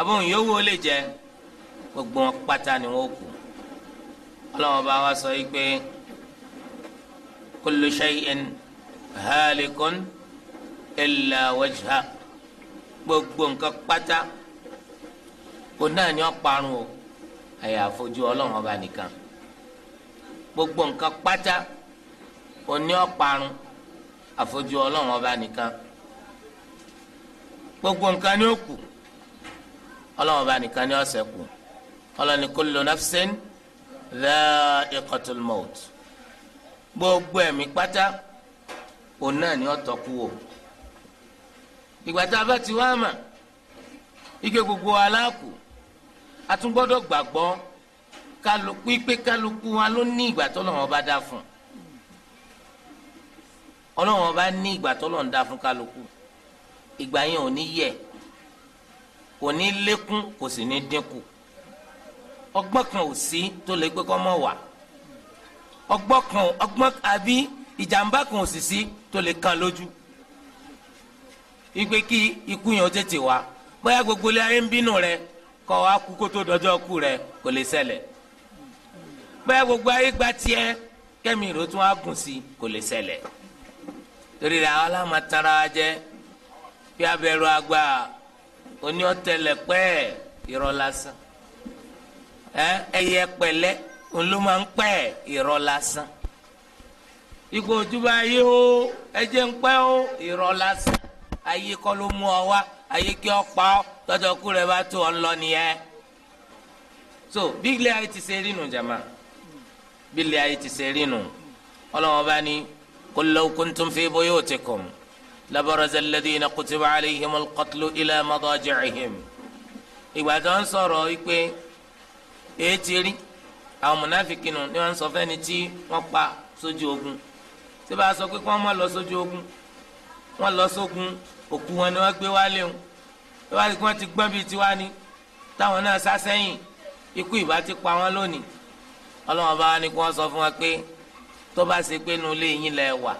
àbọ̀n yòówù ó lè jẹ gbogbo wọn pátá ni wọn kù ọlọ́wọ́n bá wa sọ yìí pé kullu shay'in halikun illa wajha gbogbo nǹkan pátá kò náà ni wọn parun o àyàfi ojú ọlọ́wọ́n bá nìkan gbogbo nǹkan pátá kò ní wọn parun àfojú ọlọ́wọ́n bá nìkan gbogbo nǹkan ni ó kù ọlọ́run bá nìkan ní ọ̀sẹ̀ kù ọlọ́run ní kullu nafsin dha'iqatul maut gbogbo ẹ̀mí pátá òun náà ni ọ̀tọ̀ kú wò ìgbà tá a bá ti wá mà ike gbogbo aláàkú a tún gbọ́dọ̀ gbàgbọ́ kálukú ipe kálukú wa ló ní ìgbà tó lọ́wọ́ bá dá fún ọlọ́wọ́ bá ní ìgbà tó lọ́wọ́ dá fún kálukú ìgbà yẹn ò ní yẹ. Yeah kò ní lékún kò sì ní dínkù ọgbọ́n kan ò sí tó lè gbé wà ọgbọ́n kan ọgbọ́n àbí ìjàmbá kan ò sì sí tó lè kan lójú ìgbé kí tètè wá bóyá gbogbo ilé ayé ń bínú rẹ kọ́ wa kú kó tó rẹ kò lè gbogbo ayé gba kẹ́mi ìró tún á gùn sí kò tara wa jẹ́ oní ọ̀tẹlẹ̀ pẹ́ irọ́ lásán ẹyẹ pẹ̀lẹ́ ló máa ń pẹ irọ́ lásán ikú ojúbọ ayé o ẹjẹ ń pẹ́ o irọ́ lásán ayé kọ́ ló mú ọ wá ayé bá tó ọ lọ nìyẹn so bí ayé ti ṣe rí jama ayé ti ṣe rí nu fi لبرز الذين كتب عليهم القتل إلى مضاجعهم ìgbà tó ń sọ̀rọ̀ wípé ètí rí àwọn mùnáfíkì nù ni wọ́n ń sọ fẹ́ni tí wọ́n pa lọ sójú òkú wọn ni wọ́n gbé wálé o tí wọ́n ti gbọ́n bíi tiwa ni táwọn náà sá sẹ́yìn ikú ìbá ti pa wọ́n lónìí ọlọ́wọ́n wọn ni kí wọ́n sọ fún wa pé tó bá ṣe pé nulẹ̀ yín lẹ wà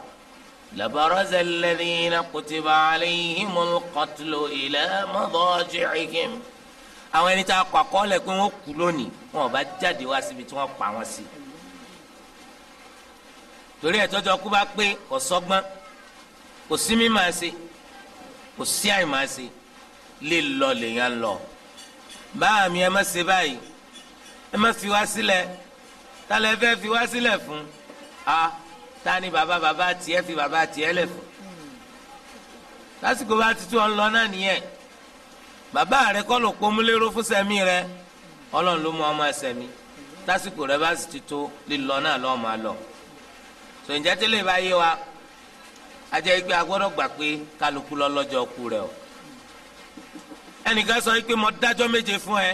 لبرز الذين كتب عليهم القتل إلى مضاجعهم àwọn ẹni tá a kọ àkọọ́lẹ̀ pé wọ́n kú lónìí wọn ò bá jáde wá síbi tí wọ́n pa wọn sí. torí ẹ̀tọ́jọ́ kú bá pé kò sọ́gbọ́n kò sí mímọ́ ṣe kò sí àìmọ́ ṣe lè lọ lèèyàn lọ. báà mi ẹ má ṣe báyìí ẹ má fi wá sílẹ̀ tálẹ̀ fẹ́ fi wá sílẹ̀ fún a. Ah tani baba baba tiẹ̀ fi baba tiẹ̀ lẹ̀ fún lásìkò bá ti tú ọ lọ náà nìyẹn bàbá rẹ kọ́ ló pọ́nmúlérò fún sẹ́mi rẹ ọlọ́run ló mú ọmọ sẹ́mi lásìkò rẹ bá ti tó lílọ náà lọ́ọ́ máa lọ sòǹjà bá yé wa ajẹ́ pé a gbọ́dọ̀ gbà pé kálukú lọ ku rẹ o ẹnìkan sọ pé mo dájọ́ méje fún ẹ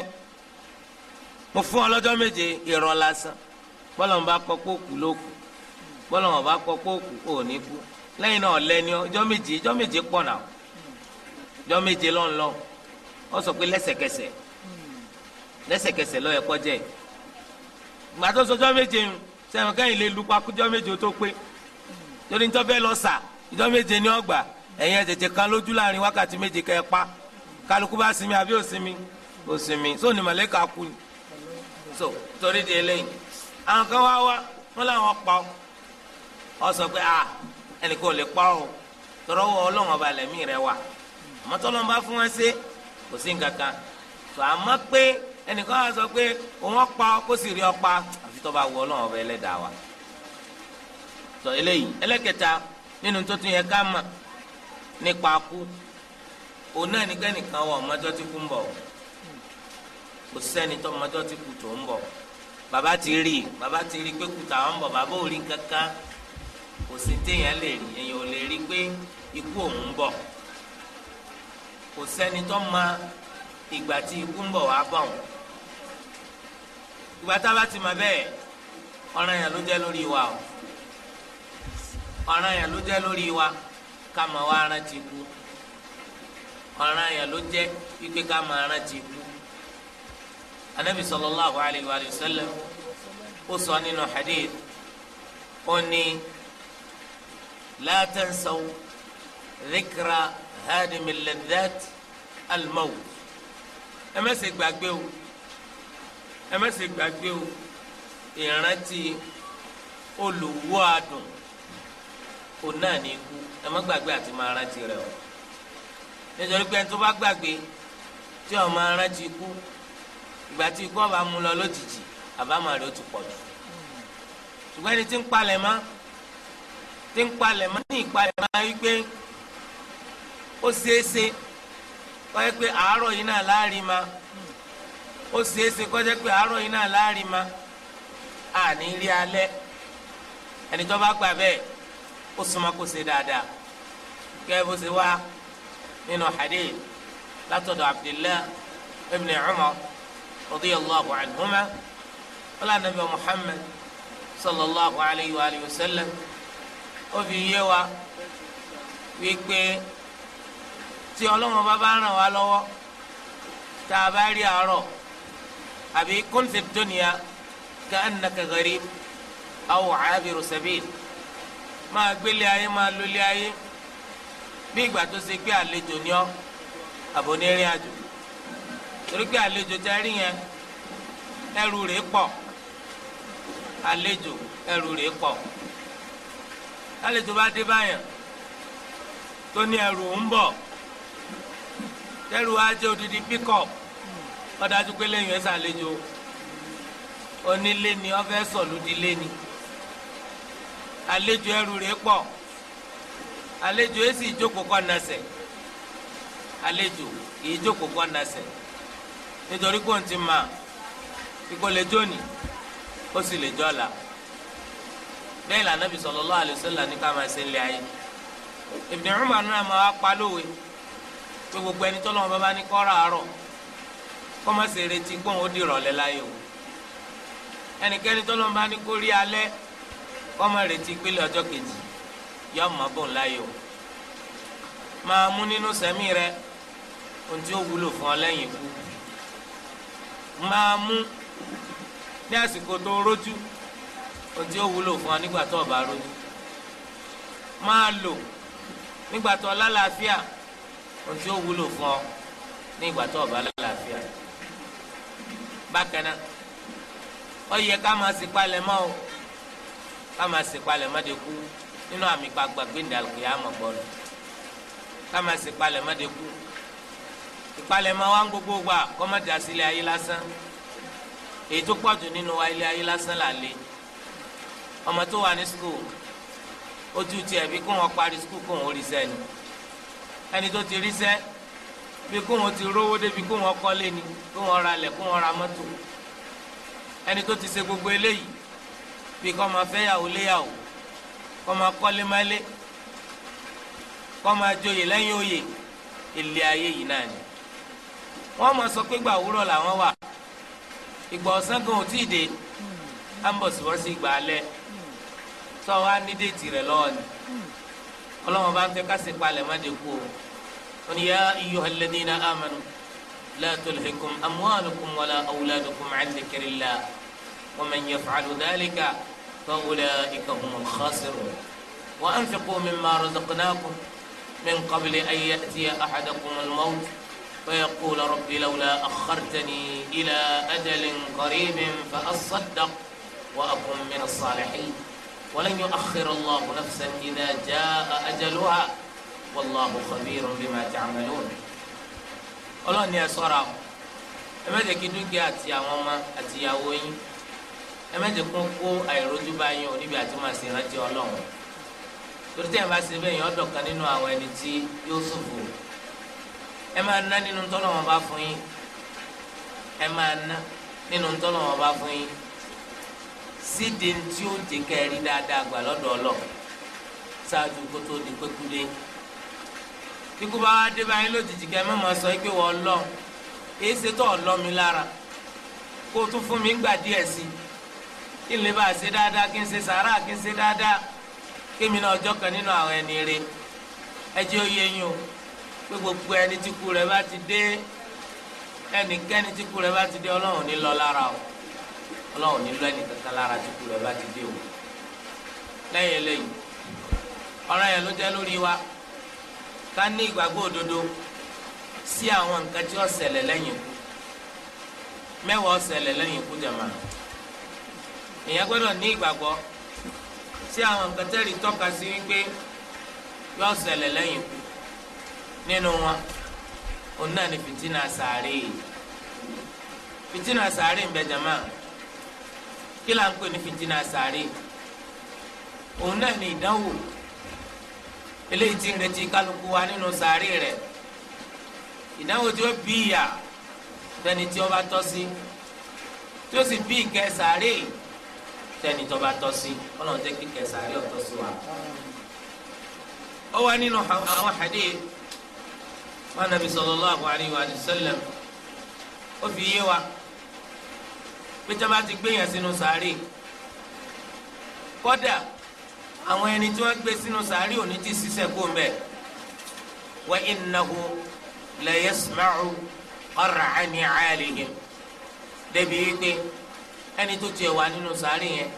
mo fún ọ lọ́jọ́ méje irọ́ lásán bọ́lọ̀ ń kó kú ló bọ́lọ́wọ́n bá kọ́ pé òkú ò ní kú lẹ́yìn náà lẹ́ni ọjọ́ méje ọjọ́ méje pọ̀ náà ọjọ́ méje lọ ọ sọ pé lẹ́sẹ̀kẹsẹ̀ lẹ́sẹ̀kẹsẹ̀ lọ́ọ́ jẹ́ gbàtọ́ sọjọ́ méje ń sẹ́wọ̀n kẹ́yìn lè méje tó pé torí lọ sà ọjọ́ méje ẹ̀yin kan lójú láàrin wákàtí méje kẹ́ ẹ pa kálukú bá àbí kú ni so torí di eléyìí àwọn kan wá wá wọn làwọn pa ọ́ ọ sọ pé a ah, ẹnì kò lè pa ọ tọrọwọ Ọlọ́run ọba lẹmí rẹ wà àmọ́ tọlọ́run bá fún wọn ṣe kò sí nǹkan kan tó àmọ́ pé ẹnìkan wá sọ pé òun ọpa kó sì rí ọpa àfi tọba wọ Ọlọ́run ọba Ẹlẹ́dàá wa tọ eléyìí ẹlẹ́kẹta nínú tó tún yẹ ká mọ̀ nípa kú òun náà ní kẹ́nìkan wọ ọmọdé tí kú ń bọ̀ kò sẹ́ni tó ọmọdé tí kú tó ń bọ̀ bàbá ti rí bàbá ti rí pé kú tàwọn ń bọ̀ bàbá ò rí kankan kò sí téèyàn lè rí èèyàn ò lè rí pé ikú òun ń bọ̀ kò sẹ́ni tó ìgbà tí ikú ń bọ̀ wá bọ̀ ti mọ bẹ́ẹ̀ ọ̀ràn yẹn ló jẹ́ lórí wa o ọ̀ràn yẹn ló jẹ́ lórí wa ká mọ wá rántí ikú ọ̀ràn yẹn ló jẹ́ wípé ká mọ rántí ikú anabi sallallahu sọ nínú ó ní. لا تنسوا ذكرى هادم اللذات الموت ẹ má ṣe gbàgbé o ẹ má ṣe gbàgbé o ìrántí olùwọ́ adùn òun náà ní ikú ẹ má gbàgbé àti máa rántí rẹ o nítorí pé ẹni tó bá gbàgbé tí ó máa rántí ikú ìgbà tí ikú ọba mú lọ lójijì àbámọ̀ rẹ̀ ó ti pọ̀ jù ṣùgbọ́n ẹni tí ń palẹ̀ mọ́ ti ń palẹ̀ mọ́ ní ìpalẹ̀ máa yí pé ó ṣeéṣe kó jẹ́ pé àárọ̀ yìí náà láàrin ma ó ṣeéṣe kó jẹ́ pé àárọ̀ yìí náà láàrin ma àní rí alẹ́ ẹni tó bá gbà bẹ́ẹ̀ ó súnmọ́ kó ṣe dáadáa kẹ́ bó ṣe wá nínú hadith látọ̀dọ̀ Abdullah ibn Umar radiyallahu anhuma wala nabi Muhammad sallallahu alayhi wa sallam ó fi yé wa wípé tí ọlọ́run bá bá ràn wá lọ́wọ́ tá a bá rí àárọ̀ àbí kun fi dunya ka'annaka gharib aw 'abiru sabil máa gbélé ayé máa lólé ayé bí ìgbà tó ṣe pé àlejò ni ọ́ àbónírin àjò torí pé àlejò tẹ rí yẹn ẹrù rẹ̀ pọ̀ àlejò ẹrù rẹ̀ pọ̀. lálejò bá dé báyàn tó ní ẹrù ń wa odidi pickup ọ̀dájú pé lẹ́yìn ẹ̀sà àlejò onílé ni ọ̀fẹ́ ni àlejò ẹrù rẹ̀ pọ̀ àlejò èsì ìjókòó kọ́ nasẹ̀ àlejò ìjókòó kọ́ nasẹ̀ nítorí kò ń ti mà kíkó lè jóni ó sì lè jọ́ la. lẹ́yìn la bí sallallahu alaihi wasallam ká máa ṣe ń lé ayé Ibn Umar náà máa pa lówe pé gbogbo ẹni tọ́lọ́wọ́n bá bá ní kọ́ ràárọ̀ kọ́ má ṣe o ẹnikẹ́ni tọ́lọ́wọ́n bá ní alẹ́ kọ́ retí pélé ọjọ́ kejì yọ mọ́ láyé o máa mú nínú sẹ́mi rẹ ohun tí ó wúlò fún ọ lẹ́yìn ikú máa ohun tí ó wúlò fún ọ nígbà tó o bá ronú máa lò nígbà tó o lálàáfíà ohun tí ó wúlò fún ọ nígbà tó o bá lálàáfíà bákan náà ó yẹ ká máa sì palẹ̀ mọ́ o ká máa sì palẹ̀ mọ́ de kú nínú àmì gbàgbà gbẹ̀ndà kìyàmọ̀ gbọ́dọ̀ ká máa sì palẹ̀ mọ́ de kú ìpalẹ̀ mọ́ wa ń gbogbo gbà kọ́mọ́dé àsìlẹ̀ ayé lásán èyí tó pọ̀jù nínú ayé lásán là lé ọmọ tó wà ní skul ojú tiẹ̀ bí kò wọ́n parí skul kò wọ́n rí sẹ́ ni ẹni tó ti rí sẹ́ bí kò wọ́n ti rówó débi kò wọ́n kọ́lé ni kò wọ́n ra lẹ̀ kò wọ́n ra mọ́tò ẹni tó ti ṣe gbogbo eléyìí bí kò máa fẹ́ yàwó léyàwó kò máa kọ́lé mọ́lé kò máa joyè lẹ́yìn oyè ilé ayé yìí náà ni wọ́n máa sọ pé gbà òwúrọ̀ làwọn wà ìgbà ọ̀sán gan ò tí dé ambos wọ́n sì gbà á lẹ́ẹ̀. sọ wa ní déètì rẹ lọ́wọ́ ni ọlọ́wọ́n lo ń fẹ́ ká sì palẹ̀ má de kú o wọn yá ayyuhal ladhina amanu la tulhikum amwalukum wala awladukum an dhikrillah wa man yaf'alu dhalika fa ulaika humul khasirun wa anfiqu mimma razaqnakum min qabli an ya'tiya ahadakumul mawt فيقول رب لولا أخرتني إلى أجل قريب فأصدق وأكن من الصالحين ولن يؤخر الله نفسا إذا جاء أجلها والله خبير بما تعملون Ọlọ́run ni ẹ ṣọ́ra o ẹ má jẹ́ kí dúkìá àti àwọn ọmọ àti ìyàwó yín ẹ má jẹ́ kó kó àìrójú bá yín o níbi àti máa ṣe ìrántí Ọlọ́run torí tẹ́ ẹ bá ṣe bẹ́ẹ̀ yín kan nínú àwọn ẹni tí yóò ṣòfò ẹ máa ná nínú tọ́lọ́wọ́n bá fún yín ẹ máa ná nínú tọ́lọ́wọ́n bá fún yín sídi tí ó ń jẹ kẹrin dáadáa gbà lọ́dọ̀ ọlọ́ ṣáájú kó tó di pékúdé kíkú bá wá dé báyìí lójijì kẹ́ mọ́ mọ́ sọ pé wọ́n lọ èyí ṣe tó mi lára kó o tún fún mi gbà díẹ̀ sí kí n lè bá a ṣe dáadáa kí n ṣe sàárà kí n ṣe dáadáa kí mi náà ọjọ́ kan nínú àwọn ẹni rè ẹ jẹ́ ó yé yín o pé gbogbo ẹni tí kú rẹ̀ bá ti dé ẹnikẹ́ni tí kú rẹ̀ bá ti dé ọlọ́run ní lọ lára o ọlọ́run nílò ẹni kankan lára tí kú rẹ̀ bá ti dé o lẹ́yìn eléyìí ọ̀rọ̀ yẹn ló jẹ́ lórí wa ká ní ìgbàgbọ́ òdodo sí àwọn nǹkan tí ó ṣẹlẹ̀ lẹ́yìn ikú mẹ́wàá ó ṣẹlẹ̀ lẹ́yìn ikú jẹ̀mọ́ èèyàn gbọ́dọ̀ ní ìgbàgbọ́ sí àwọn nǹkan tẹ́rì tọ́ka sí wípé yóò ṣẹlẹ̀ lẹ́yìn ikú nínú wọn òun náà ni fìtínà sàárè fìtínà sàárè ń bẹ jẹ̀mọ́ kí là ń pè ní fìtínà sàárè òun náà ní ìdánwò eléyìí tí ń retí kálukú wa nínú sàárè rẹ ìdánwò tí ó bí ìyà tẹni tí ó bá tọ́ sí tí ó sì bí ìkẹ́ sàárè tẹni tó bá tọ́ sí ọlọ́run jẹ́ kí ìkẹ́ sàárè ọ̀tọ́ sí wa. ó wá nínú àwọn hadith wọn nàbí sallallahu alaihi wa sallam ó fi yé wa pé tí wọ́n bá ti gbé yẹn sínú sàárè kódà àwọn ẹni tí wọ́n gbé sínú sàárè òní ti ṣiṣẹ́ kó mbẹ́ wa innahu la yasma'u qar'ani 'alihim débi wípé ẹni tó tiẹ̀ wà nínú sàárè yẹn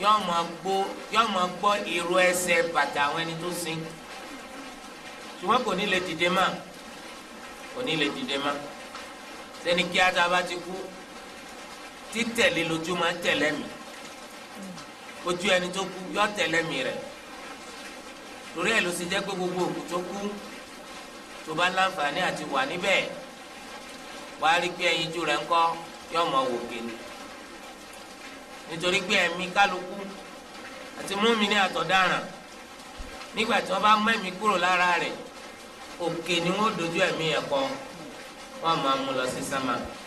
yọ́ọ́ máa gbọ́ ìró ẹsẹ̀ bàtà àwọn ẹni tó sin ṣùgbọ́n kò ní lè dìde mọ́ kò ní lè dìde mọ́ sẹ́ni kí á bá ti kú títẹ̀lé lójú máa ń tẹ̀lé mi ojú ẹni tó kú yọ tẹ̀lé mi rẹ̀ torí ẹ̀ ló ṣe jẹ́ pé gbogbo òkú tó kú tó bá láǹfààní àti wà níbẹ̀ wà á rí pé ẹyin ju rẹ̀ ńkọ́ yọ mọ̀ wò kéde nítorí pé ẹ̀mí kálukú àti múmini àtọ̀daràn nígbà tí wọ́n bá mẹ́mí kúrò lára rẹ̀ òkè ni wọ́n dojú ẹ̀mí ẹ̀kọ́ wọ́n máa mú lọ sí sámà. Si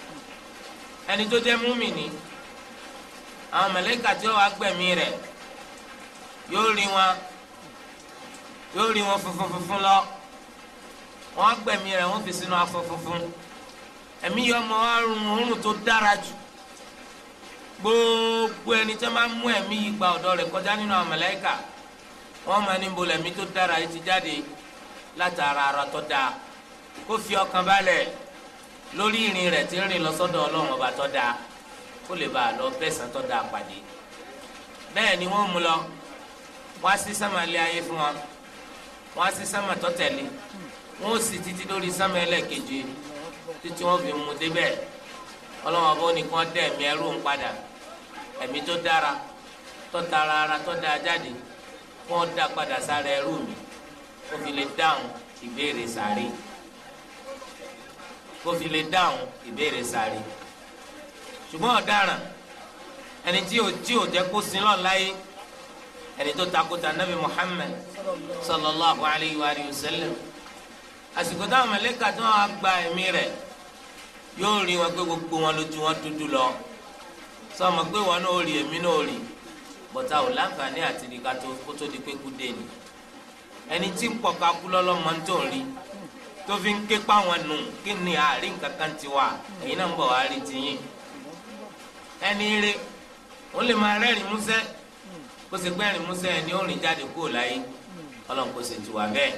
ẹni tó jẹ́ múmìnì àwọn mẹ̀lẹ́kà tí wọ́n wá gbẹ̀mí rẹ̀ yóò rí wọn yóò rí wọn funfun funfun lọ wọ́n gbẹ̀mí rẹ̀ fi sínú afọ funfun ẹ̀mí yọ ọmọ wa rún oorun tó dára jù gbogbo ẹni tí mú yìí gba ọdọ rẹ̀ kọjá nínú àwọn mẹ̀lẹ́kà wọ́n máa ní bolẹ̀mí tó dára yìí ti jáde látara ara tó kó lórí ìrìn rẹ̀ tí ń rìn lọ sọ́dọ̀ ọlọ́run ọba tó dáa kó lè bá a lọ bẹ́sàn tó dáa pàdé bẹ́ẹ̀ ni wọ́n mú lọ wá sí sámàlẹ́ ayé fún wọn wá sí sámà tó tẹ̀lé wọn ó sì títí lórí sámà ẹlẹ́ẹ̀keje títí wọn fi mú débẹ̀ ọlọ́run ọba nìkan dẹ̀ ẹ̀mí ẹrú ń padà ẹ̀mí tó dára tó tara ara tó dáa jáde wọn dá padà sára ẹrú mi ó fi lè dáhùn ìbéèrè sáré kó fi lè dáhùn ìbéèrè sáré ṣùgbọ́n ọ̀daràn ẹni tí o tí o jẹ́ kó sin lọ́n láyé ẹni tó takota nabi muhammed sallallahu alayhi wa sallam àsìkò táwọn mẹlẹ́kà tí wọ́n á gba ẹ̀mí rẹ̀ yóò rí wọn pé gbogbo wọn lójú wọn dúdú lọ sọmọ pé wọn náà rí ẹ̀mí náà rí bọ̀tà ò láǹfààní àti ìdíkà kó tó di pé kú dé ni ẹni tí ń pọ̀ ká kú lọ́lọ́ mọ́ ń rí tó fi ń ké páwọn nù kí ni àárín nǹkan kan ti wà èyí náà ń bọ̀ wá rí tiyín ẹni rí òun lè máa rẹ́rìn músẹ́ kó ṣe gbẹ́rìn músẹ́ ni ó rìn jáde kúrò láyé ọlọ́run kò sì tiwa bẹ́ẹ̀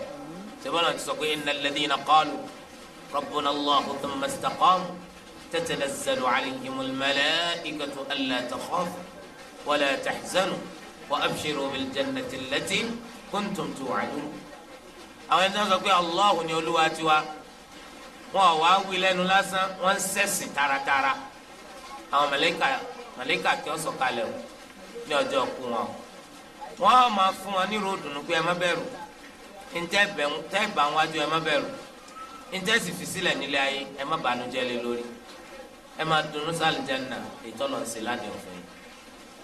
sẹ́bọ́n ti sọ pé innal ladhina qalu rabbuna Allahu thumma istaqamu tatanazzalu alayhimul malaikatu alla takhafu wala tahzanu wa abshiru àwọn ẹni tó ń sọ pé oluwa ni olúwa tiwa wọn ò wá wí lẹ́nu lásán wọn ń ṣẹ̀sìn taratara àwọn màlàíkà màlàíkà tí wọ́n sọ̀kalẹ̀ o ní ọkụ kú wọn o wọ́n á máa fún wọn ní ròdù nù pé ẹ má bẹ̀rù ntẹ́ bá wájú ẹ má bẹ̀rù ntẹ́ sì fi sílẹ̀ nílé ayé ẹ má bànújẹ́ lé lórí ẹ máa dunnú sáàlì jẹ́nà ètò ọlọ́ọ̀sẹ̀ ládìí ọ̀fẹ́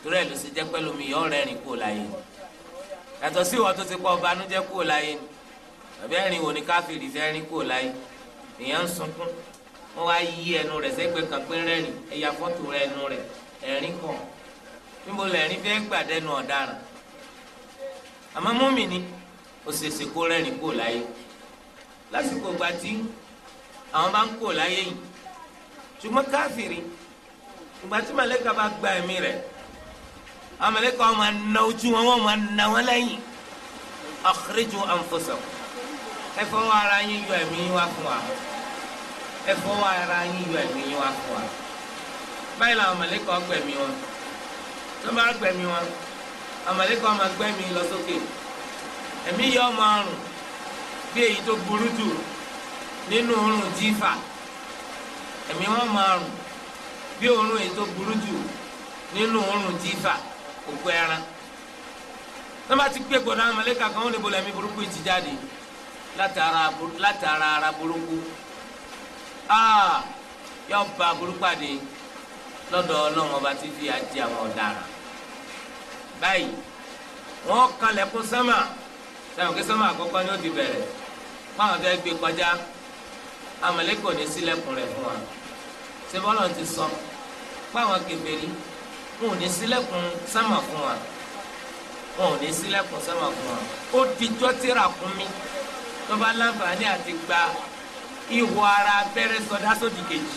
torí ẹ̀ ló ṣe jẹ́ pẹ́lú mi yọ ọ̀rẹ́ rìn kúrò láyé yàtọ̀ sí ìwọ tó ti kọ́ kúrò láyé ni àbẹ́rìn wo ni káfíìrì fẹ́ rìn kúrò láyé èèyàn ń sunkún wọ́n wá yí ẹnu rẹ̀ sẹ́gbẹ́ kan pé rẹ́rìn ẹ̀yà fọ́tò rẹ̀ ẹnu rẹ̀ ẹ̀rín kàn níbo lẹ́rìn fẹ́ gbàdẹ́nu ọ̀daràn àmọ́ mùmínì ó ṣèṣe kó rẹ́rìn kúrò láyé lásìkò gba tí àwọn bá ń kúrò láyé yìí ṣùgbọ́n káfíìrì ìgbà tí màlẹ́kà bá gba ẹ̀mí rẹ̀ àwọn màlẹ́kà wọn máa na ojú wọn wọn máa na wọn lẹ́yìn akhrijū anfusakum. ẹ fọwọ́ ara yín yọ ẹ̀mí yín wá fún wa ẹ fọwọ́ ara yín yọ ẹ̀mí yín wá fún wa báyìí làwọn mọ̀lẹ́kọ̀ gbẹ̀mí wọn tó bá gbẹ̀mí wọn àwọn máa gbẹ̀mí lọ sókè ẹ̀mí yọ ọmọ ọrùn bí èyí tó burú jù nínú oorun jífà ẹ̀mí wọn máa rùn bí oorun èyí tó burú jù nínú oorun jífà òkú ti látara ara burúkú aa ah, yọ ba burúkú àdé lọ́dọ̀ Ọlọ́run ọba tí fi àjẹ àwọn ọ̀daràn báyìí wọn kalẹ̀kùn sẹ́mà sẹ́wọ̀n kí sẹ́mà àkọ́kọ́ ni ó ti bẹ̀rẹ̀ fáwọn fẹ́ gbé kọjá amọ̀lẹ́kọ̀ ní sílẹ̀kùn rẹ̀ fún wa sebọ́lọ̀ ti sọ fáwọn kèfèrí wọn ò ní sílẹ̀kùn sẹ́mà fún wa wọn ò ní sílẹ̀kùn sẹ́mà fún wa ó dijọ́ tíra kún mi tó bá láǹfààní àti gba ihò ara abẹ́rẹ́ sọdá sódì kejì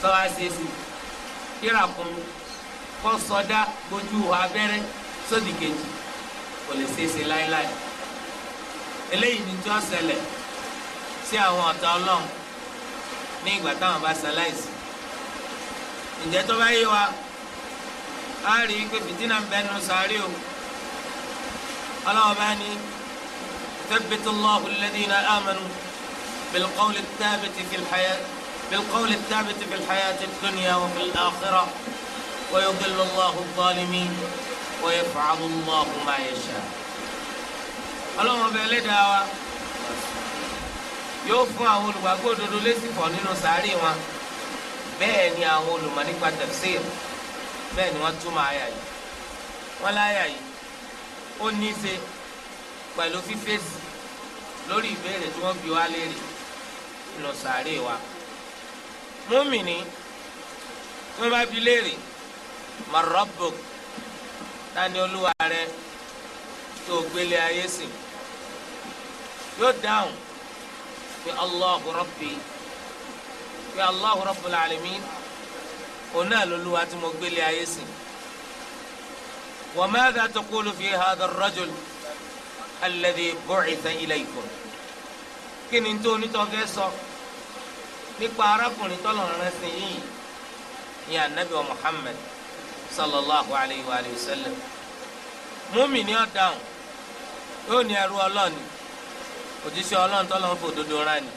sọ́wọ́ àṣeéṣe kírakùn kọ́ sọdá gbójú ihò abẹ́rẹ́ sódì kejì kò lè ṣeéṣe láéláé eléyìí ni tí wọ́n ṣẹlẹ̀ sí àwọn ọ̀tá ọlọ́run ní ìgbà táwọn bá ṣaláìsí ǹjẹ́ tó bá yé wa á rí i pé fìtínà ń bẹnu sáré o ọlọ́run bá ní. ثبت الله الذين آمنوا بالقول الثابت في الحياة بالقول الثابت في الحياة الدنيا وفي الآخرة ويضل الله الظالمين ويفعل الله ما يشاء ọlọ́run ọba ẹlẹ́dàá wa yóò fún àwọn olùgbàgbọ́ òdodo lésìkọ̀ nínú sàárè wọn bẹ́ẹ̀ ni àwọn olùmọ̀ nípa tafsir bẹ́ẹ̀ ni wọ́n túmọ̀ àyà yìí wọ́n láyà yìí ó ní í ṣe pẹ̀lú fífèsì lórí ìbéèrè tí wọ́n bi wá léèrè lọ sàárè wa múmìnì wọ́n bá bi léèrè marọ́bù tani olúwa rẹ tó gbélé ayé sìn yóò dáhùn pé allahu rabbi pé allahu rabbul alamin òun náà lolúwa tí mo gbélé ayé sìn wa madha taqulu fi hadha ar-rajul alladhi bu'itha ilaykum kí ni tó onítọ̀ fẹ́ sọ nípa arákùnrin tọ́lọ̀ rán sí yìí ní anabi wa muhammed sallallahu alayhi wa sallam múmi ni ọ̀ dáhùn yóò ní ẹrú ọlọ́ọ̀ni òjíṣẹ́ ọlọ́ọ̀ni tọ́lọ̀ ń fò dodo rán ni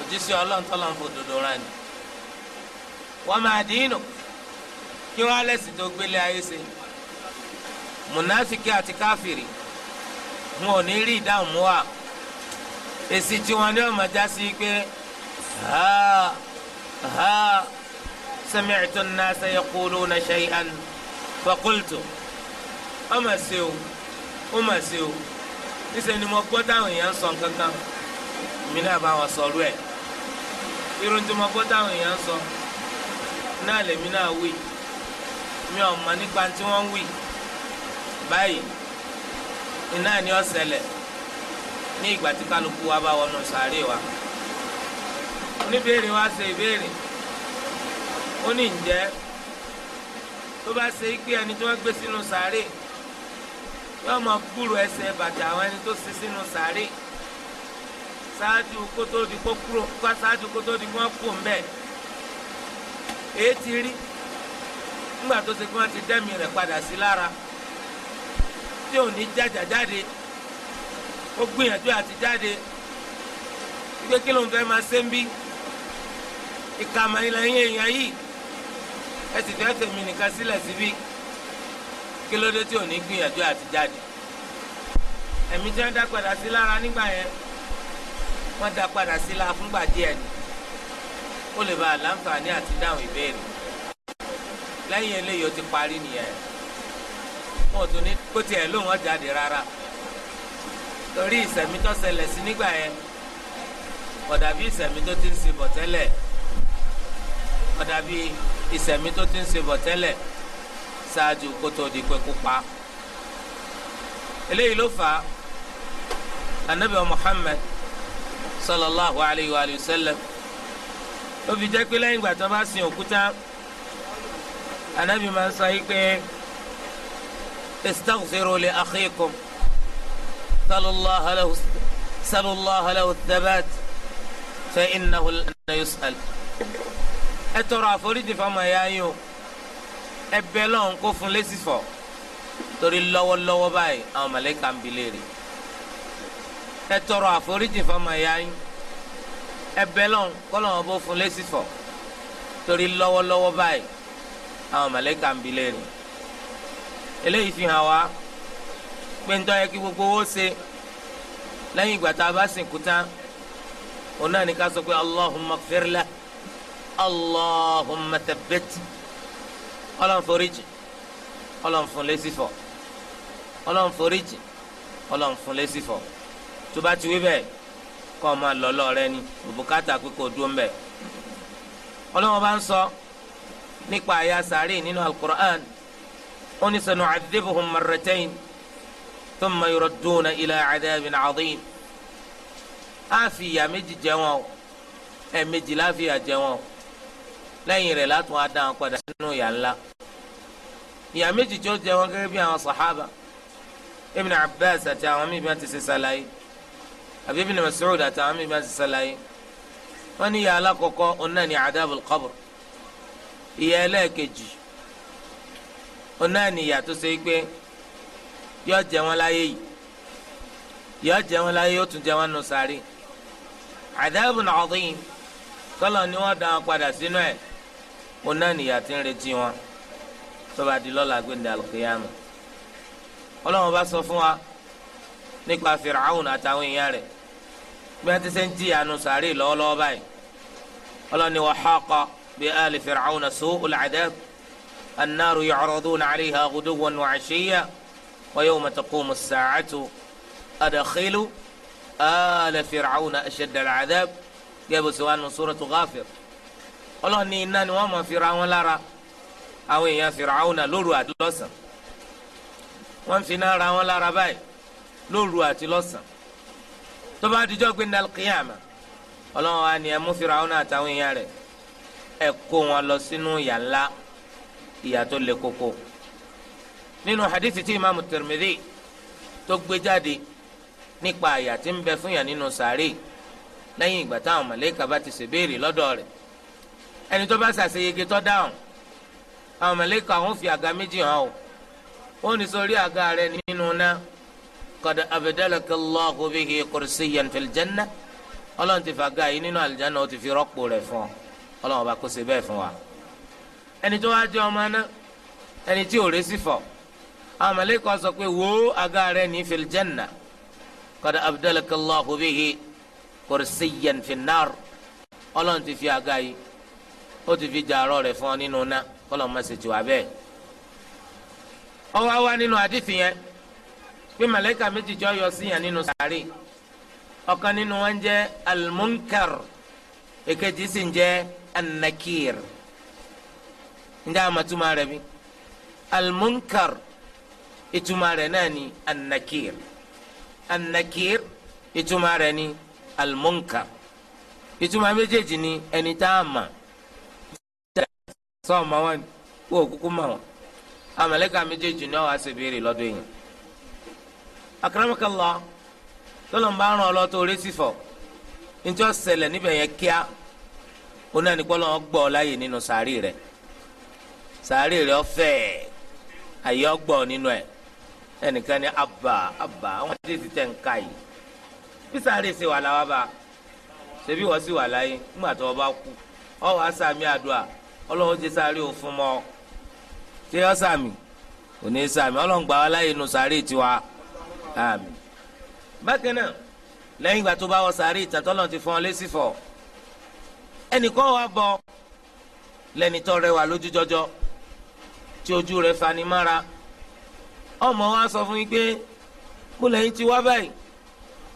òjíṣẹ́ ọlọ́ọ̀ni tọ́lọ̀ ń fò dodo rán ni wa ma dinu kí wọ́n á lẹ́sìn tó gbélé ayé ṣe mùnáfíkì àti káfìrì wọn ò ní rí ìdáhùn mú wa èsì tí wọn ní ọmọ já sí pé ha ha sami'tu an-nasa yaquluna shay'an faqultu ọmọ sí o ọmọ sí o níṣẹ́ ni mo gbọ́ táwọn èèyàn sọ kankan mi náà bá wọn sọ̀rọ̀ ẹ̀ irun tí mo gbọ́ táwọn èèyàn sọ náà lèmi náà wí mi ò mọ̀ nípa tí wọ́n wí báyìí iná ni ó ṣẹlẹ̀ ní ìgbà tí kálukú wa bá wọnú sàárè wa oníbèrè wa ṣe ìbéèrè ó ní ǹjẹ́ tó bá ṣe pé ẹni tí wọ́n gbé sínú sàárè yóò máa gbúrò ẹsẹ̀ bàtà àwọn ẹni tó ṣe sínú sàárè ṣáájú kó tó di kó kúrò kó ṣáájú kó tó di kó kú mbẹ́ èyí ti rí nígbà tó ṣe kí wọ́n ti dẹ́mi rẹ̀ padà sí lára tí ò ní jájà jáde ó gbìyànjú àti jáde wípé kí ló ń fẹ́ máa ṣe ń bí ìka màá ilẹ̀ yín èèyàn yìí ẹ sì fẹ́ tèmi nìkan sílẹ̀ síbí kí ló dé tí ò ní gbìyànjú àti jáde ẹ̀mí tí wọ́n dá padà sí lára nígbà yẹn wọ́n dá padà sí lára fúngbà díẹ̀ ni ó lè ba àlàǹfààní àti dáhùn ìbéèrè lẹ́yìn eléyìí ó ti parí nìyẹn wọn ò tún ní kó tiẹ̀ lóun wọn jáde rárá torí ìsẹ̀mí tó ṣẹlẹ̀ sí nígbà yẹn ọ̀dà bí ìsẹ̀mí tó ti ń se bọ̀ tẹ́lẹ̀ ọ̀dà bí ìsẹ̀mí tó ti ń ṣe bọ̀ tẹ́lẹ̀ ṣáájú kó tó di pé pa eléyìí ló fà anabi Muhammad sallallahu alayhi wa sallam ó fi jẹ́ pé lẹ́yìn ìgbà tó bá sin òkúta anabi máa ń sọ yìí pé. استغفروا لأخيكم سلوا الله له سلوا الله له الثبات فإنه لا يسأل ẹ tọrọ àforíjì fọmọ ẹ̀yà yín o ẹ bẹ̀ Ọlọ́run kó fún lésì fọ torí lọ́wọ́lọ́wọ́ báyìí àwọn mọ̀lẹ́kà ń bi léèrè ẹ tọrọ àforíjì fọmọ ẹ̀yà yín ẹ bẹ̀ Ọlọ́run kó Ọlọ́run bó fún lésì fọ torí lọ́wọ́lọ́wọ́ báyìí àwọn mọ̀lẹ́kà ń bi léèrè. eléyìí fi hàn wá pé ń tọ́yẹ kí gbogbo owó ṣe lẹ́yìn ìgbà tá a bá sìnkú tán òun náà ní ká sọ pé allahumma firla allahumma tabbit ọlọ́run foríjì ọlọ́run fún lẹ́sìfọ̀ ọlọ́run foríjì ọlọ́run fún lẹ́sìfọ̀ tó bá ti wí bẹ́ẹ̀ ọ máa lọ lọ́ọ̀rẹ́ ni bùbùkátà pé kò dúró ń bẹ̀ ọlọ́run bá ń sọ oni sanu'adhibuhum marratayn thumma yuradduna ila adhabin adhim a fi ìyà méjì jẹ wọ́n o ẹ̀ẹ̀mejì la fi ìyà jẹ wọ́n o lẹ́yìn rẹ̀ látún á dáhùn padà nínú ìyà ńlá ìyà méjì tí ó jẹ wọ́n gẹ́gẹ́ bí àwọn sàhábà ibn abbas àti àwọn míì bí ti ṣe ṣàlàyé àbí ibn mas'ud àti àwọn míì bí ti ṣàlàyé wọ́n ní ìyà alákọ̀ọ́kọ́ òun náà ní qabr ìyà ẹlẹ́ẹ̀kejì ó náà nìyà tó ṣe pé yọ jẹ wọn láyé yìí yọ jẹ wọn láyé yóò tún jẹ wọn nù sáré adhabun adhim tọ́lọ̀ ni wọ́n dá wọn padà sínú ẹ̀ ó náà nìyà tí ń retí wọn tọ́ba di lọ́la gbẹ̀ndẹ̀ al-qiyama ọlọ́run bá sọ fún wa nípa Fir'aun àtàwọn èèyàn rẹ̀ bí wọ́n ti ṣe ń jìyà nù sáré lọ́wọ́lọ́wọ́ báyìí ọlọ́ni wa haqa bi ali Fir'auna su'ul adhab النار يعرضون عليها غدوا وعشيا ويوم تقوم الساعة أدخلوا آل فرعون أشد العذاب gẹ́gẹ́ sọ wá nù sóràtú gáfìr ọlọ́run ní iná ni wọ́n mọ̀ fira wọn lára àwọn èèyàn Fir'auna lóru àti lọ́sàn wọ́n ń finá ra wọn lára báyìí lóru àti lọ́sàn tó bá dijọ́ gbé ní alqiyama ọlọ́run wa ni ẹ mú Fir'auna àtàwọn èèyàn rẹ̀ ẹ kó wọn lọ sínú yàrá ìyàtọ̀ lè koko nínú hadithi tí imaamu Tirmidhi tó gbé jáde nípa àyà tí ń bẹ fún yàn nínú sàárè lẹ́yìn ìgbà táwọn mọ̀lẹ́kà bá ti ṣèbéèrè lọ́dọ̀ rẹ̀ ẹni tó bá ṣàṣeyege tó dáhùn àwọn mọ̀lẹ́kà wọn fi àga méjì hàn o ó ní sórí àga rẹ̀ nínú náà qad abdalaka Allahu bihi kursiyyan fil janna ọlọ́run ti fàga yìí nínú àlùjáná ó ti fi rọ́pò rẹ̀ fún ọ ọlọ́run ọba kó ṣe bẹ́ẹ̀ fún wa ẹni tó wá jẹ ọmọ náà ẹni tí ò rẹ sí fọ àwọn mọlẹ́kọ̀ sọ pé wo aga rẹ ní fil janna qad abdalaka Allahu bihi kursiyyan fin nar ọlọ́run ti fi aga yìí ó ti fi jàrọ̀ rẹ̀ fún ọ nínú náà kọ́lọ́n má ṣe ti wà bẹ́ẹ̀. ọwọ́ wa nínú àdìsí yẹn pé mọlẹ́kà méjì jọ yọ síyàn nínú sàárè ọ̀kan nínú wọn jẹ́ al èkejì sì ń jẹ́ an Al njẹ́ àmàtúmọ̀ rẹ̀ bí almunkar ìtumọ̀ rẹ̀ náà ni anakir anakir ìtumọ̀ rẹ̀ ni almunkar ìtumọ̀ méjèèjì ni ẹni tá a mà sọ ọmọ wọn kó o kúkú mà wọn amaleka méjèèjì ni ọwọ́ àṣebéèrè lọ́dọ̀ yẹn akramakallah tọ́lọ́mbà ràn ọ́ lọ́tọ́ orí sífọ̀ njẹ́ ọ̀sẹ̀lẹ̀ níbẹ̀ yẹn kíá ó náà ní kọ́ lọ́wọ́ ọ láàyè nínú sàárì rẹ̀. sàárè rẹ̀ ọ̀fẹ́ àyè nínú ẹ̀ ẹnìkan ni abba abba àwọn ti tẹ̀ ń yìí bí si ṣe wà láwa bá ṣebí wọ́n sì wà láyé nígbà tó o bá kú ọ sàmì àdúrà ọlọ́run ti sàárè òfun mọ́ ṣé ọ sàmì òní sàmì ọlọ́run gbà wá láyé inú sàárè tiwa àmì bákan náà lẹ́yìn ìgbà tó bá wọ ìtàtọ́lọ́n tí ojú rẹ̀ fanimára ọmọ wa sọ fún yín pé mo lẹ́yìn ti wá báyìí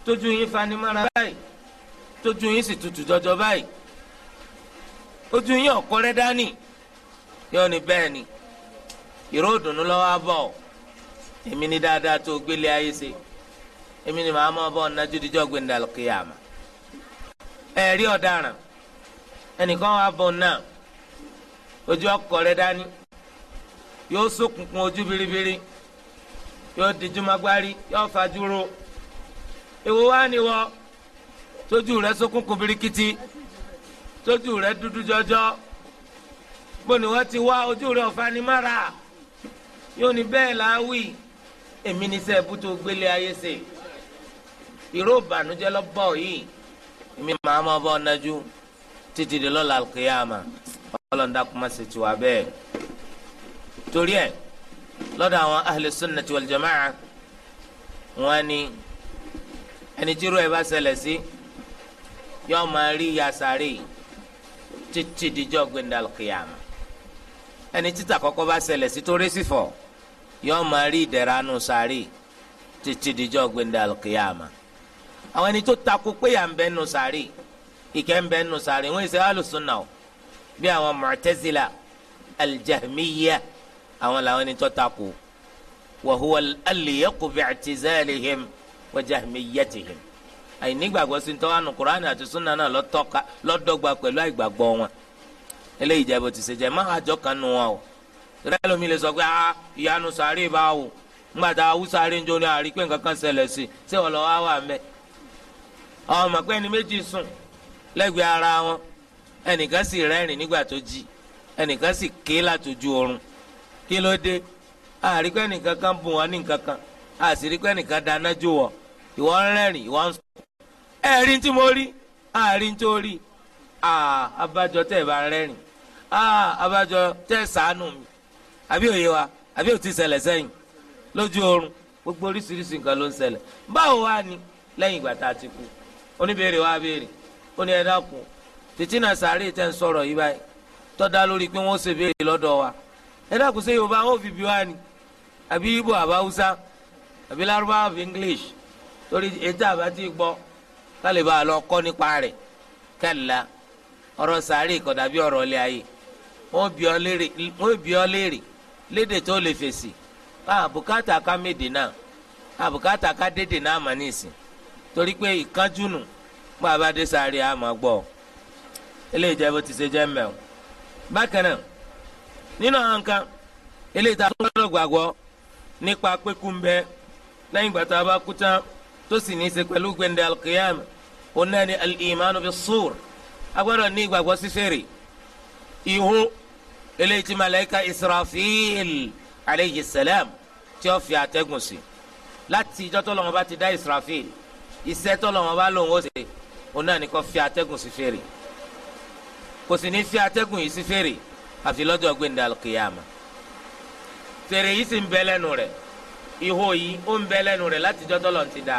tójú yín fanimára báyìí tójú yín sì tutù jọjọ báyìí ojú yín ọ̀kọ́rẹ́ dání yóò ní ni ìró ìdùnnú lọ́wọ́ èmi ní dáadáa tó gbélé ayé ṣe èmi ní màá ọ̀nájú díjọ́ ẹ̀rí ọ̀daràn ẹnìkan wà bọ̀ náà ojú ọkọ̀ rẹ̀ dání yóò ṣókùnkùn ojú biribiri yóò di jumagbari yóò fajúro èwo wá ni wọ tójú rẹ ṣókùnkùn birikiti tójú rẹ dúdú jọjọ gbóni wọn ti wá ojú rẹ ọ̀fanimára yóò ní bẹ́ẹ̀ là á wí èmi ní sẹ́ẹ̀bù tó gbélé ayé ṣe ìró ìbànújẹ́ lọ́bọ̀ yìí èmi màá mọ́ bọ́ nájú títí di lọ́la kìyàmà ọlọ́ọ̀dà kò má bẹ́ẹ̀ torí ẹ̀ lọ́dọ̀ àwọn ahlu sunnati wal jama'a wọ́n ní ẹni tí irú ẹ̀ bá ṣẹlẹ̀ sí yóò máa rí yasari títí dijọ́ gbendal kiyama ẹni títà kọ́kọ́ bá ṣẹlẹ̀ sí torí sífọ̀ yóò máa rí ìdẹ̀ránú sáré títí dijọ́ gbendal kiyama àwọn ẹni tó takò pé yà ń bẹ nù sáré ìkẹ́ ń bẹ nù sáré wọ́n ṣe ahlu bí àwọn mu'tazila al àwọn làwọn ẹni tó takò wàhùwà aliyaku bi àtizalihim wa jahmiyatihim àìnígbàgbọ́ sí tọ́wọ́ ànú kuraani àti sunna náà lọ́dọ́gba pẹ̀lú àìgbàgbọ́ wọn eléyìí jẹ́ bó ti ṣe jẹ́ máa àjọ kan nù wọn o rẹ́lẹ̀ omi lè sọ pé ah ìyanu sàárè bá wò ńgbàtà awúsàárè ńjọ ni àrí pé nǹkan kan ṣẹlẹ̀ sí i ṣé wọ́n lọ wá wà mẹ́ ọmọ pé ẹni méjì sùn lẹ́gbẹ̀ẹ́ ara wọn ẹnìkan sì rẹ́rìn nígbà tó jí ẹnìkan sì ké látojú oorun kí ló dé àríkọ́ ẹnìkan kan bùn wọn ní nǹkan kan àṣíríkọ́ ẹnìkan dáná jù wọ ìwọ ń rẹ́rìn ìwọ ń sọ. ẹ̀rí tí mo rí àárín tó rí abájọ tẹ̀ bá rẹ́rìn abájọ tẹ̀ sàánù mi àbí òye wa àbí òtí sẹlẹ̀ sẹ́yìn lójú oorun gbogbo oríṣiríṣi nǹkan ló ń ṣẹlẹ̀ báwo wá ni lẹ́yìn ìgbà tá a ti kú oníbèrè wa béèrè ó ní ẹ dákun títí náà sàárè tẹ́ ń sọ̀rọ̀ yìí báyìí tọ́ da lórí pé wọ́n lọ́dọ̀ wa ẹ dákun ṣe yorùbá ó fi bí wá ni àbí ibo àbáwúsá àbí lárúbáwá àbí english torí ètò àbátí gbọ́ kálí bá a lọ kọ́ nípa rẹ̀ kálá ọ̀rọ̀ sàárè kọ̀dà bí ọ̀rọ̀ ilé ayé wọ́n bí ọ léèrè léde tó lè fèsì àbùkátà ká méde náà àbùkátà ká dédè náà mà nísìn torí pé ìkánjúnù bá dé sàárè àmọ́ gbọ́ eléyìí jẹ́ bó ti ṣe jẹ́ mẹ́wọ́ bákan náà nínú àwọn nǹkan eléyìí tá a gbọ́dọ̀ gbàgbọ́ nípa pẹ́kú ń bẹ lẹ́yìn ìgbà tá a bá kú tán tó sì ní í ṣe pẹ̀lú gbẹ̀ndẹ̀ alqiyam òun náà ni al-imanu ní ìgbàgbọ́ sísèrè ihò eléyìí tí malayika israfil aleyhi salam tí ó fi àtẹ́gùn sí láti ìjọ tó lọ́wọ́ bá ti dá israfil iṣẹ́ tó lọ́wọ́ bá lòun ó ṣe òun náà ni kò fi àtẹ́gùn sí fèrè kò sì ní fi àtẹ́gùn yìí sí fèrè àfi lọ́jọ́ gbẹ̀ndé alùkìyàmà fèrè yìí sì ń bẹ lẹ́nu rẹ̀ ihò yìí ó ń bẹ lẹ́nu rẹ̀ láti jọ́ tọ́lọ̀ ti dá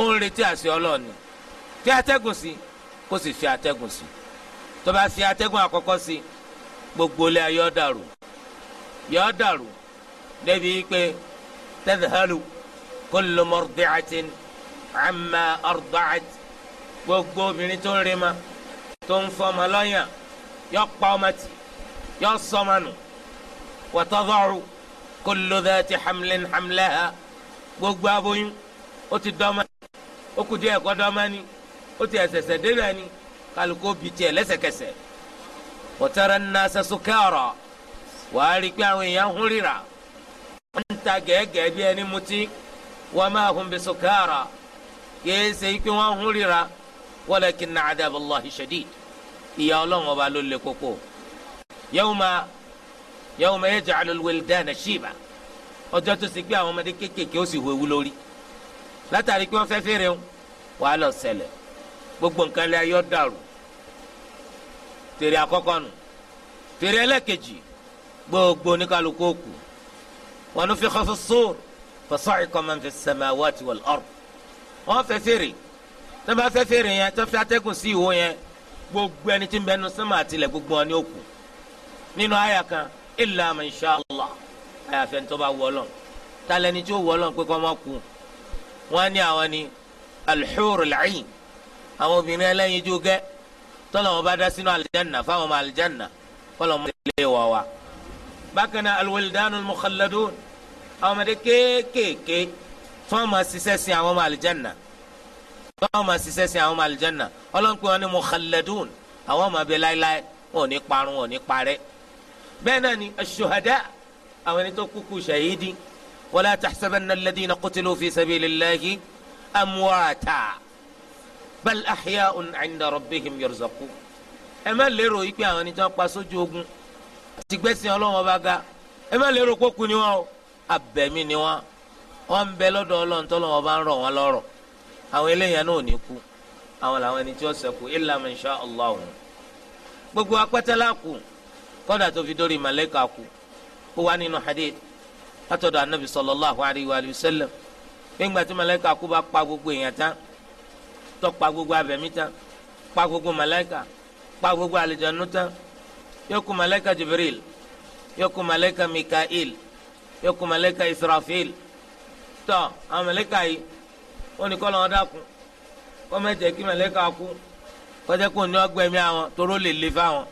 ó ń retí àṣẹ ọlọ́ọ̀ni fi atẹ́gùn sí kó sì fi atẹ́gùn sí tó bá fi atẹ́gùn àkọ́kọ́ sí gbogbo ilé ayé dàrú yọ dàrú débi pé tadhalu kullu murdi'atin amma arda'at gbogbo obìnrin tó ń rema tó ń fọmọ lọ́yàn yọ pa ọmọ tì yọ sọmanu wàtọ́dọ̀rù kólódà ti hamlin hamlaha gbogbo aboyún ó ti dọ́mọ ó kù díẹ̀ kọ́ dọ́mọ ni ó ti ẹ̀sẹ̀sẹ̀ dé náà ni kálukó bi tiẹ̀ lẹ́sẹ̀kẹsẹ̀ wọ́tara nasa sukara wàá rí i pé àwọn èèyàn hún ríra ń ta gẹ́gẹ́ bí ẹni mutí wọ́n máa hun bí sukara kìí ṣe pé wọ́n hún ríra walakin adab Allahi shadid ìyà ọba ló le koko yawma yawma yaj'alul wildana shiba ọjọ́ tó ṣe pé àwọn ọmọdé kéékèèké ó sì hu ewu lórí látàrí pé wọ́n fẹ́ fèrè ń wàá lọ ṣẹlẹ̀ gbogbo nǹkan lé ayọ́ dàrú fèrè àkọ́kọ́ nù fèrè ẹlẹ́kejì gbogbo oníkàlùkù òkú wa nufikha fi s-sur fa sa'iqa man fi s-samawati wal-ard wọ́n fẹ́ fèrè tó bá fẹ́ fèrè yẹn tó fẹ́ gbogbo ẹni tí ń bẹnu sánmà àtilẹ̀ gbogbo wọn ni nínú àyà kan illa man sha Allah àyàfẹ́ tó bá wọlọ́ talẹ́ni tí ó wọlọ́ pé kọ́ máa kú wọ́n ní àwọn ni al-hur al-ayn àwọn obìnrin ẹlẹ́yinjú gẹ́ tọ́lọ̀ wọn bá dá sínú alìjánná fáwọn ọmọ alìjánná kọ́lọ̀ wọn lè wọ̀ wá. bákan náà al-wildanul àwọn ọmọdé kéékèèké fún ọmọ ṣiṣẹ́ sí àwọn ọmọ alìjánná fún ọmọ ṣiṣẹ́ sí àwọn ọmọ alìjánná ọlọ́nkùn wọn ni mukhalladun àwọn ọmọ abẹ láéláé wọn ò ní parun wọn ò ní parẹ́ bẹ́ẹ̀ náà ni aṣọhadá àwọn ẹni tó kúkú ṣàyídì wala tahsabanna alladhina qutilu fi sabilillahi amwata bal ahya'un 'inda rabbihim yurzaqun ẹ má lérò yìí pé àwọn ẹni tó ń pa sójú ogun ti gbẹ́sìn ọlọ́wọ́n bá ga ẹ má lérò kókù ni wọn o abẹ̀mí ni wọn wọn ń bẹ lọ́dọ̀ ọlọ́run tọ́lọ́wọ́n bá ń rọ̀ wọn lọ́rọ̀ àwọn eléyàn náà ò ní kú àwọn làwọn ẹni tí wọ́n ṣẹ́kù illa man sha Allah gbogbo apẹ́tẹ́lá kù kódà tó fi dórí màlẹ́kà kú ó wà nínú hadith látọ̀dọ̀ anabi sallallahu alayhi wa sallam gbẹ̀ngbà tí màlẹ́kà kú bá pa gbogbo èèyàn tán tó pa gbogbo abẹ̀mí tán pa gbogbo màlẹ́kà pa gbogbo àlùjànnú tán yóò kù màlẹ́kà jibril yóò kù màlẹ́kà mikael yóò kù màlẹ́kà israfil tó àwọn màlẹ́kà yìí wọ́n ní kọ́ lọ́wọ́ dákun kọ́ mẹ́jẹ̀ kí màlẹ́kà kú kọ́jẹ́ kó ní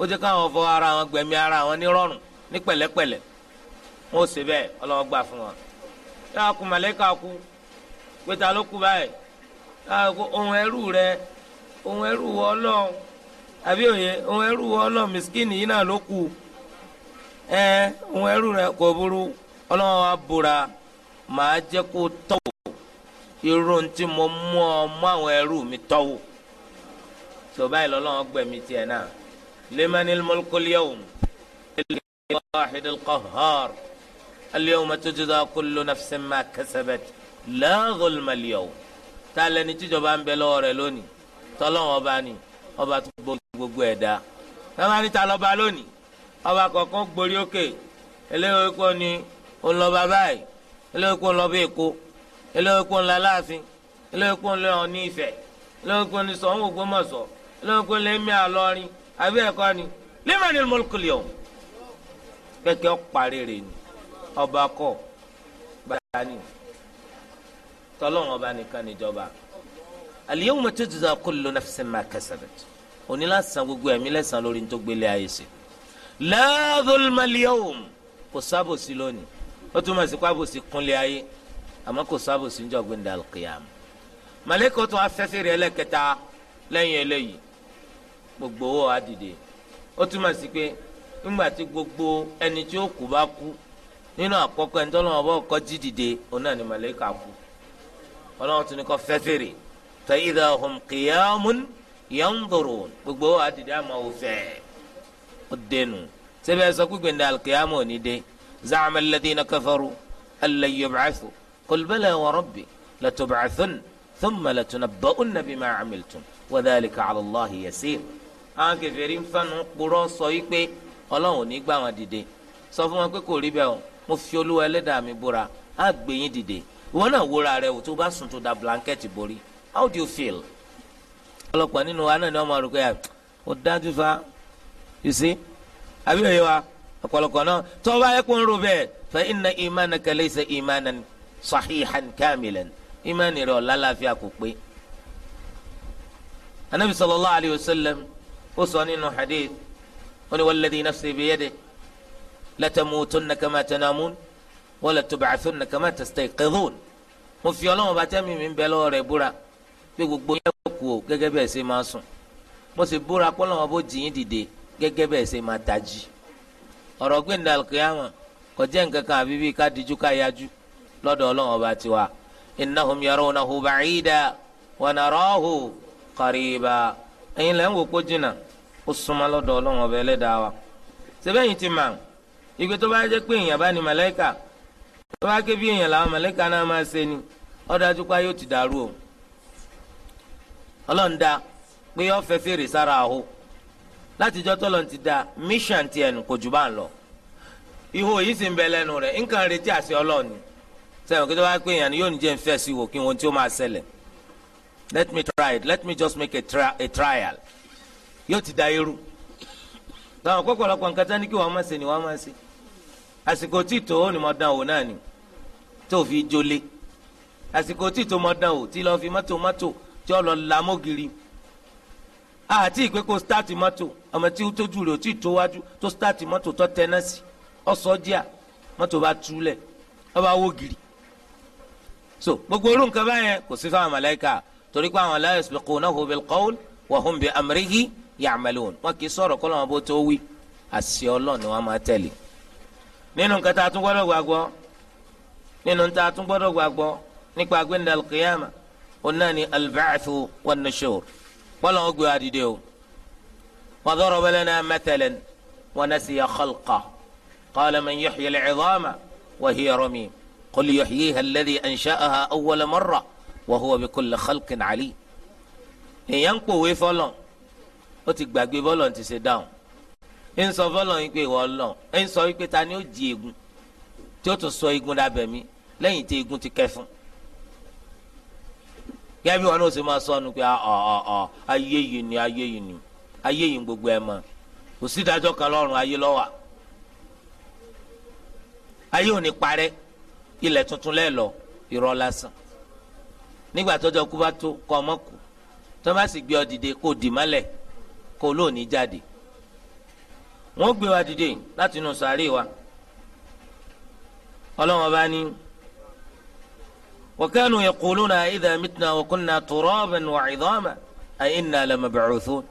ó jẹ́ káwọn fọ ara wọn gbẹ̀mí ara wọn nírọ̀rùn ní pẹ̀lẹ́pẹ̀lẹ́ wọn ò ṣe bẹ́ẹ̀ ọlọ́wọ́ gbà fún wọn. yàrá kú màlẹ́kà kú pété ló kú báyìí ohun ẹrú rẹ ohun ẹrú wọ àbí òye ohun ẹrú wọ mìsíkìnì yìí náà ló ohun ẹrú rẹ kò burú ọlọ́run wa bùra màá jẹ́ kó tọ́wò irú mo mú ọ mú àwọn ẹrú mi tọ́wò tó báyìí lọ́lọ́run gbẹ̀mí tiẹ̀ لمن الملك اليوم الواحد القهار اليوم تجزى كل نفس ما كسبت لا ظلم اليوم تعالى نتيجة بان بلور لوني طلعوا وباني ọba tó gbogbo ẹ̀dá táwọn níta lọ́ba lónìí ọba kọ̀ọ̀kan gborí òkè eléyìí ikú ni ńlọba báyìí eléyìí ikú ńlọba èkó eléyìí ikú ńlá láàfin eléyìí ikú ńlọ ní Ifẹ̀ eléyìí ikú ní sọ̀hún Ògbómọ̀ṣọ́ eléyìí ikú ní mí àlọ́rin àbí ẹ̀kọ́ ni limanil mulkul yawm kẹ́kẹ́ ọ̀parí rẹ̀ ni ọba kọ̀ bàtà ni tọ́lọ́wọ́n ọba nìkan níjọba al yawma tujza kullu nafsin ma kasabat onílàsàn gbogbo ẹ̀mí lẹ́sàn lórí tó gbélé ayé ṣe la zulma al yawm kò sábòsí lónìí ó túmọ̀ sí pábòsí kúnlé ayé àmọ́ kò sábòsí ń jọ gbẹ̀ndà al qiyam màlẹ́kọ̀ọ́ tún afẹ́fẹ́ rẹ̀ ẹlẹ́kẹta lẹ́yìn eléyìí gbogbo owó wa dìde ó túmọ̀ sí pé nígbà tí gbogbo ẹni tí ó kú bá kú nínú àkọ́kọ́ ẹni tó lọ́wọ́ bọ́ kọ́ jí dìde òun náà ni màlẹ́kà kú ọlọ́run tún ní kọ́ fẹ́ fèrè fa idha hum qiyamun gbogbo owó wa dìde àmọ́ wò fẹ́ ó dénú sẹ́bẹ̀ sọ gbígbé ní al-qiyama dé za'ama alladhina kafaru allan yub'athu qul bala wa rabbi latub'athun thumma latunabba'unna bima 'amiltum wa dhalika 'ala Allahi àwọn kèfèrí ń fanu kpọrọ sọ yìí pé Ọlọ́run ò ní gbà wọn dìde sọ fún wọn pé kò rí bẹ́ẹ̀ o mo fi Olúwa Ẹlẹ́dàá mi búra á gbé yín dìde ìwọ náà wúra rẹ wò tó bá sùn tó da blanket borí how do you feel. ọlọ́pàá nínú wa náà ni wọ́n máa rò pé ah, ó dájú fa you see àbí òye wa ọ̀pọ̀lọpọ̀ náà tó bá yẹ ń ro bẹ́ẹ̀ fa inna imanaka laysa imanan sahihan kamilan ìmánì rẹ̀ ọ̀lá láàfin àkùpé. anabi sallallahu alayhi wa sallam ó sọ nínú hadith ó ní walladhi nafsi biyadihi latamutunna kama tanamun wala tub'athunna kama tastayqidhun mo fi ọlọ́wọ́n bá tẹ́mi mi bẹ́ lọ́wọ́ rẹ̀ búra pé gbogbo yẹn kò kú o gẹ́gẹ́ bẹ́ẹ̀ ṣe máa sùn mo sì búra pé ọlọ́wọ́n bó jìyín dìde gẹ́gẹ́ bẹ́ẹ̀ ṣe máa tají ọ̀rọ̀ gbẹ̀ndà kìámà kò jẹ́ nǹkan kan àbí bí ká dijú ká yájú lọ́dọ̀ ọlọ́wọ́n bá ti wá innahum yarawnahu ba'ida wa narahu qariba ẹ̀yin lẹ́ ń wò pé jìnnà ó súnmọ́ lọ́dọ̀ ọlọ́run ọba ẹlẹ́dàá wa sẹ́bẹ̀yìn ti mà ìgbé tó bá jẹ́ pé èèyàn bá ní màlẹ́kà tó bá ké bí èèyàn làwọn náà máa ṣe ni yóò ti dàrú o ọlọ́run dá pé yọ fẹ́ fèrè sára àhó látijọ́ tọ́lọ́n ti da mission ti ẹnu kò jù rẹ̀ nǹkan retí kí tó yóò ní ń let me try it let me just make a, tri a trial yóò ti da irú táwọn ọ̀pọ̀lọpọ̀ nǹkan tán ní kí wọ́n máa ṣe ni wọ́n máa ṣe àsìkò tí tòó ni mo dán wò náà ni tó fi jolé àsìkò tí tòó mo dán wò tí lọ́ọ́ fi mọ́tò mọ́tò tí ó lọ la mọ́gìrì àti ìpè kó start mọ́tò ọmọ tí ó tójú rẹ̀ ó tí tó wájú tó start mọ́tò tó tẹ́ná sí ọ̀sọ́jíà mọ́tò bá túlẹ̀ ọba wó so gbogbo orú nǹkan báyẹn kò sí fáwọn màláíkà torí pé àwọn la yasbiqunahu bil qawl wa hún bi amrihi ya'malun wọn kì í sọ̀rọ̀ kọ́ lọ́wọ́ bó tó wí àṣẹ ọlọ́run ni wọ́n máa tẹ̀lé nínú nǹkan tá a tún gbọ́dọ̀ gbàgbọ́ nínú tá a tún gbọ́dọ̀ gbàgbọ́ nípa agbẹ́ndà al-qiyama onáà ni al-ba'thu wan-nushur nushur o wọn gbé wa dìde o wa daraba lana mathalan wa nasiya khalqa qala man yuhyi al-'idhama wa hiya ramim qul yuhyiha alladhi ansha'aha awwala marra. wa huwa bi kulli khalqin ali èèyàn ń pòwe fọlọ ó ti gbàgbé bọlọ ti ṣe dáhùn ń sọ fọlọ yín pé ìwọ lọ ń sọ wípé ta ni ó di egun tí ó tún sọ igun dábẹ mi lẹ́yìn tí igun ti kẹfun gẹ́gẹ́ bí wọn náà ṣe máa sọ ọ́nù pé ọ̀ ayé yìí ni ayé yìí ni ayé yìí gbogbo ẹ̀ mọ̀ kò sí ìdájọ́ kan lọ́rùn ayé lọ́wà ayé ò ní parẹ́ ilẹ̀ tuntun lẹ́ẹ̀ lọ irọ́ lásán nígbà tọ́jọ́ kú bá tó kọ ọmọ kù tó bá sì gbé ọ dìde kó dì mọ́lẹ̀ kó lóòní jáde wọ́n gbé wa dìde láti inú sàárè wa ọlọ́wọ́n bá ní wa kanu yaquluna idha mitna wa kunna turaban wa 'idhaman a inna lamab'uthun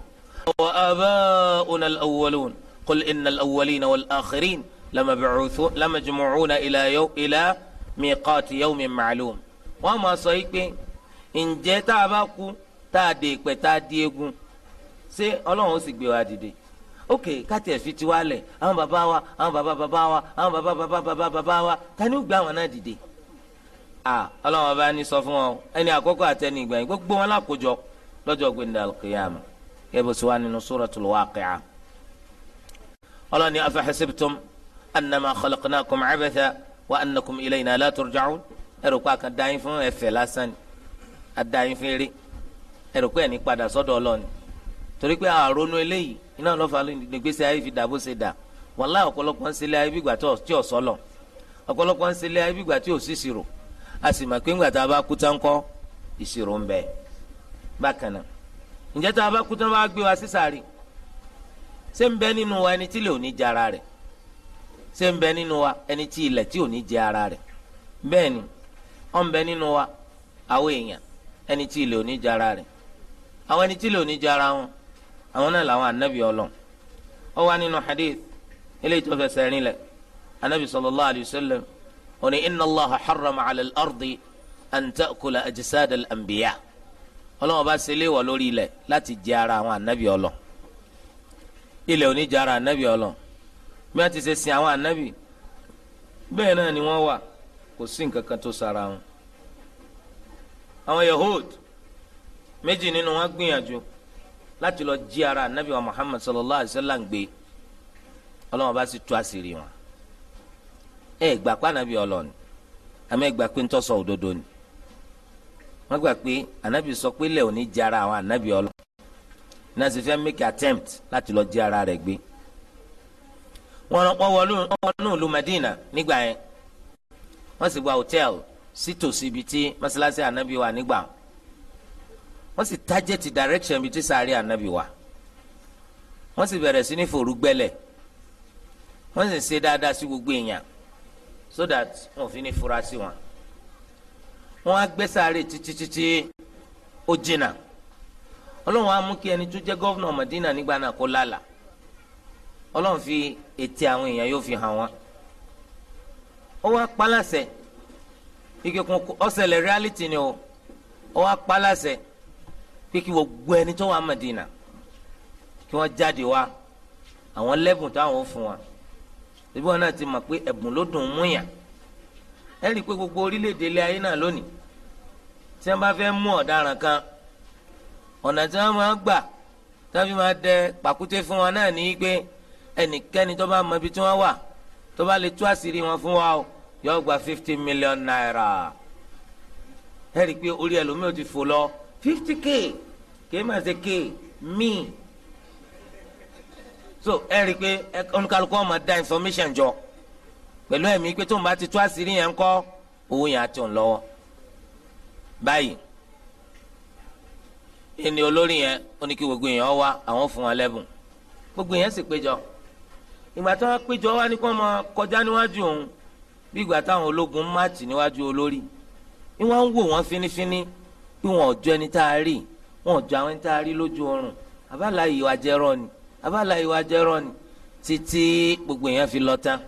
wa aba'una al-awwalun qul inna al-awwalina wal-akhirin lamab'uthun lamajmu'una ila miqati yawmin ma'lum wọ́n máa sọ yìí pé ǹjẹ́ tá a bá kú tá a dé ìpẹ́ tá a di egun ṣé ọlọ́run ó sì gbé wa dìde ok káti ẹ̀fi ti wá lẹ̀ àwọn bàbá wa àwọn bàbá bàbá wa àwọn bàbá bàbá bàbá bàbá wa ta ni ó gbé àwọn náà dìde. ọlọ́run ọba ni sọ fún wọn ẹni àkọ́kọ́ àtẹni ìgbà yìí gbogbo wọn lákòjọ lọ́jọ́ gbẹ̀ndà al kẹ́bù sí wa nínú suratul waqi'a. ọlọ́run ni afahasibtum annama khalaqnakum abatha wa annakum ilayna la turja'un ẹ̀rù kọ́ àkàndáyìn fún ẹ̀fẹ̀ adáyín fèrè ẹrù ẹni padà sọ́dọ̀ Ọlọ́run torí pé àrònú eléyìí iná lọfà nígbèsè ayé fi dàbò ṣe dà wàlá ń ayé bígbà tí ò sọlọ ọ̀pọ̀lọpọ̀ ń ṣẹlẹ ayé bígbà tí ò sí ìṣirò a sì pé ńgbà tá a bá ń bẹ bákan náà ǹjẹ́ tá a bá gbé wa ṣé ń bẹ nínú wa ẹni tí ilẹ̀ ò ní jẹ ara rẹ̀ ṣé ń bẹ tí ilẹ̀ tí ẹni tí ilẹ̀ oníjàra rẹ̀ àwọn ẹni tí ilẹ̀ oníjàra wọn àwọn náà làwọn anabi Ọlọ́run ó wà nínú hadith eléyìí tó fẹsẹ̀ rinlẹ̀ anabi sallallahu alayhi wa sallam ó ní inna allah harrama ala al-ardi an ta'kula ajisada al-anbiya Ọlọ́run bá ṣe léèwọ̀ lórí ilẹ̀ láti jẹ ara àwọn anabi Ọlọ́run ilẹ̀ oníjà ara anabi Ọlọ́run bí wọ́n ti ṣe sin àwọn anabi bẹ́ẹ̀ náà ni wọ́n wà kò sí nǹkan kan tó sara wọn. àwọn yahood méjì nínú wọn gbìyànjú láti lọ jí ara anabi wa muhammad sallallahu Alaihi wa sallam gbé ọlọ́wọ́n bá sì tú àṣírí wọn ẹ gbà pé anabi ọlọ́ni àmọ́ ẹ gbà pé ń tọ́sọ òdodo ni wọ́n gbà pé anabi sọ pé lẹ́ẹ̀ òní jí ara àwọn anabi ọlọ́ náà sì fẹ́ make attempt láti lọ jí ara rẹ̀ gbé wọ́n wọnú ìlú madina nígbà yẹn wọ́n sì gba hòtẹ́ẹ̀lì sítòsí ibi tí mọ́sálásí ànábì wà nígbà wọ́n sì tájẹ́tì direction ibi tí sáré ànábì wà wọ́n sì bẹ̀rẹ̀ sí ní fòrúgbẹ́lẹ̀ wọ́n sì ṣe dáadáa sí gbogbo èèyàn so that wọn ò fi ní fura sí wọn. wọ́n á gbé sáré títítítí ó jìnnà ọlọ́run á mú kí ẹni tó jẹ́ gọ́vnà Madina nígbà náà kó lálàá ọlọ́run fi ètè àwọn èèyàn yóò fi hàn wọ́n ó wá pálásẹ̀ ike kun ọsẹlẹ reality ni o ọwọ akpalasẹ pé kí gbogbo ẹni tó wà Madina kí wọn jáde wá àwọn lẹ́bùn táwọn fún wa ibi wọn náà ti mọ̀ pé ẹ̀bùn ló dùn mú yàn ẹ rí i pé gbogbo orílẹ̀-èdè ilé ayé náà lónìí tí wọn bá fẹ́ mú ọ̀daràn kan ọ̀nà tí wọn máa gbà tí wọn fi máa dẹ pàkúté fún wa náà ní pé ẹnikẹ́ni tó bá mọ ibi tí wọ́n wà tó bá lè tú àṣírí wọn fún wa o yóò gba fifty million naira ẹ rí i pé orí ẹlòmíràn ti fò lọ fifty k kì í máa ṣe k mi so ẹ rí i pé oníkálukú ọmọ da information jọ pẹ̀lú ẹ̀mí pé tóun bá ti tú àṣírí yẹn ń kọ́ owó yẹn á ti ń lọ́wọ́ báyìí ẹni olórí yẹn ó ní kí gbogbo yẹn wá àwọn fún wọn lẹ́bùn gbogbo yẹn sì péjọ ìgbà tí wọ́n péjọ wá ní kó máa kọjá níwájú òun bí ìgbà táwọn ológun máàtì níwájú olórí ni wọ́n ń wò wọ́n fínífíní bí wọn ò jọ ẹni tá a rí wọn ò jọ àwọn ẹni tá a rí lójú oorun abala ìwà jẹrọ ni abala ìwà jẹrọ ni títí gbogbo èèyàn fi lọ tán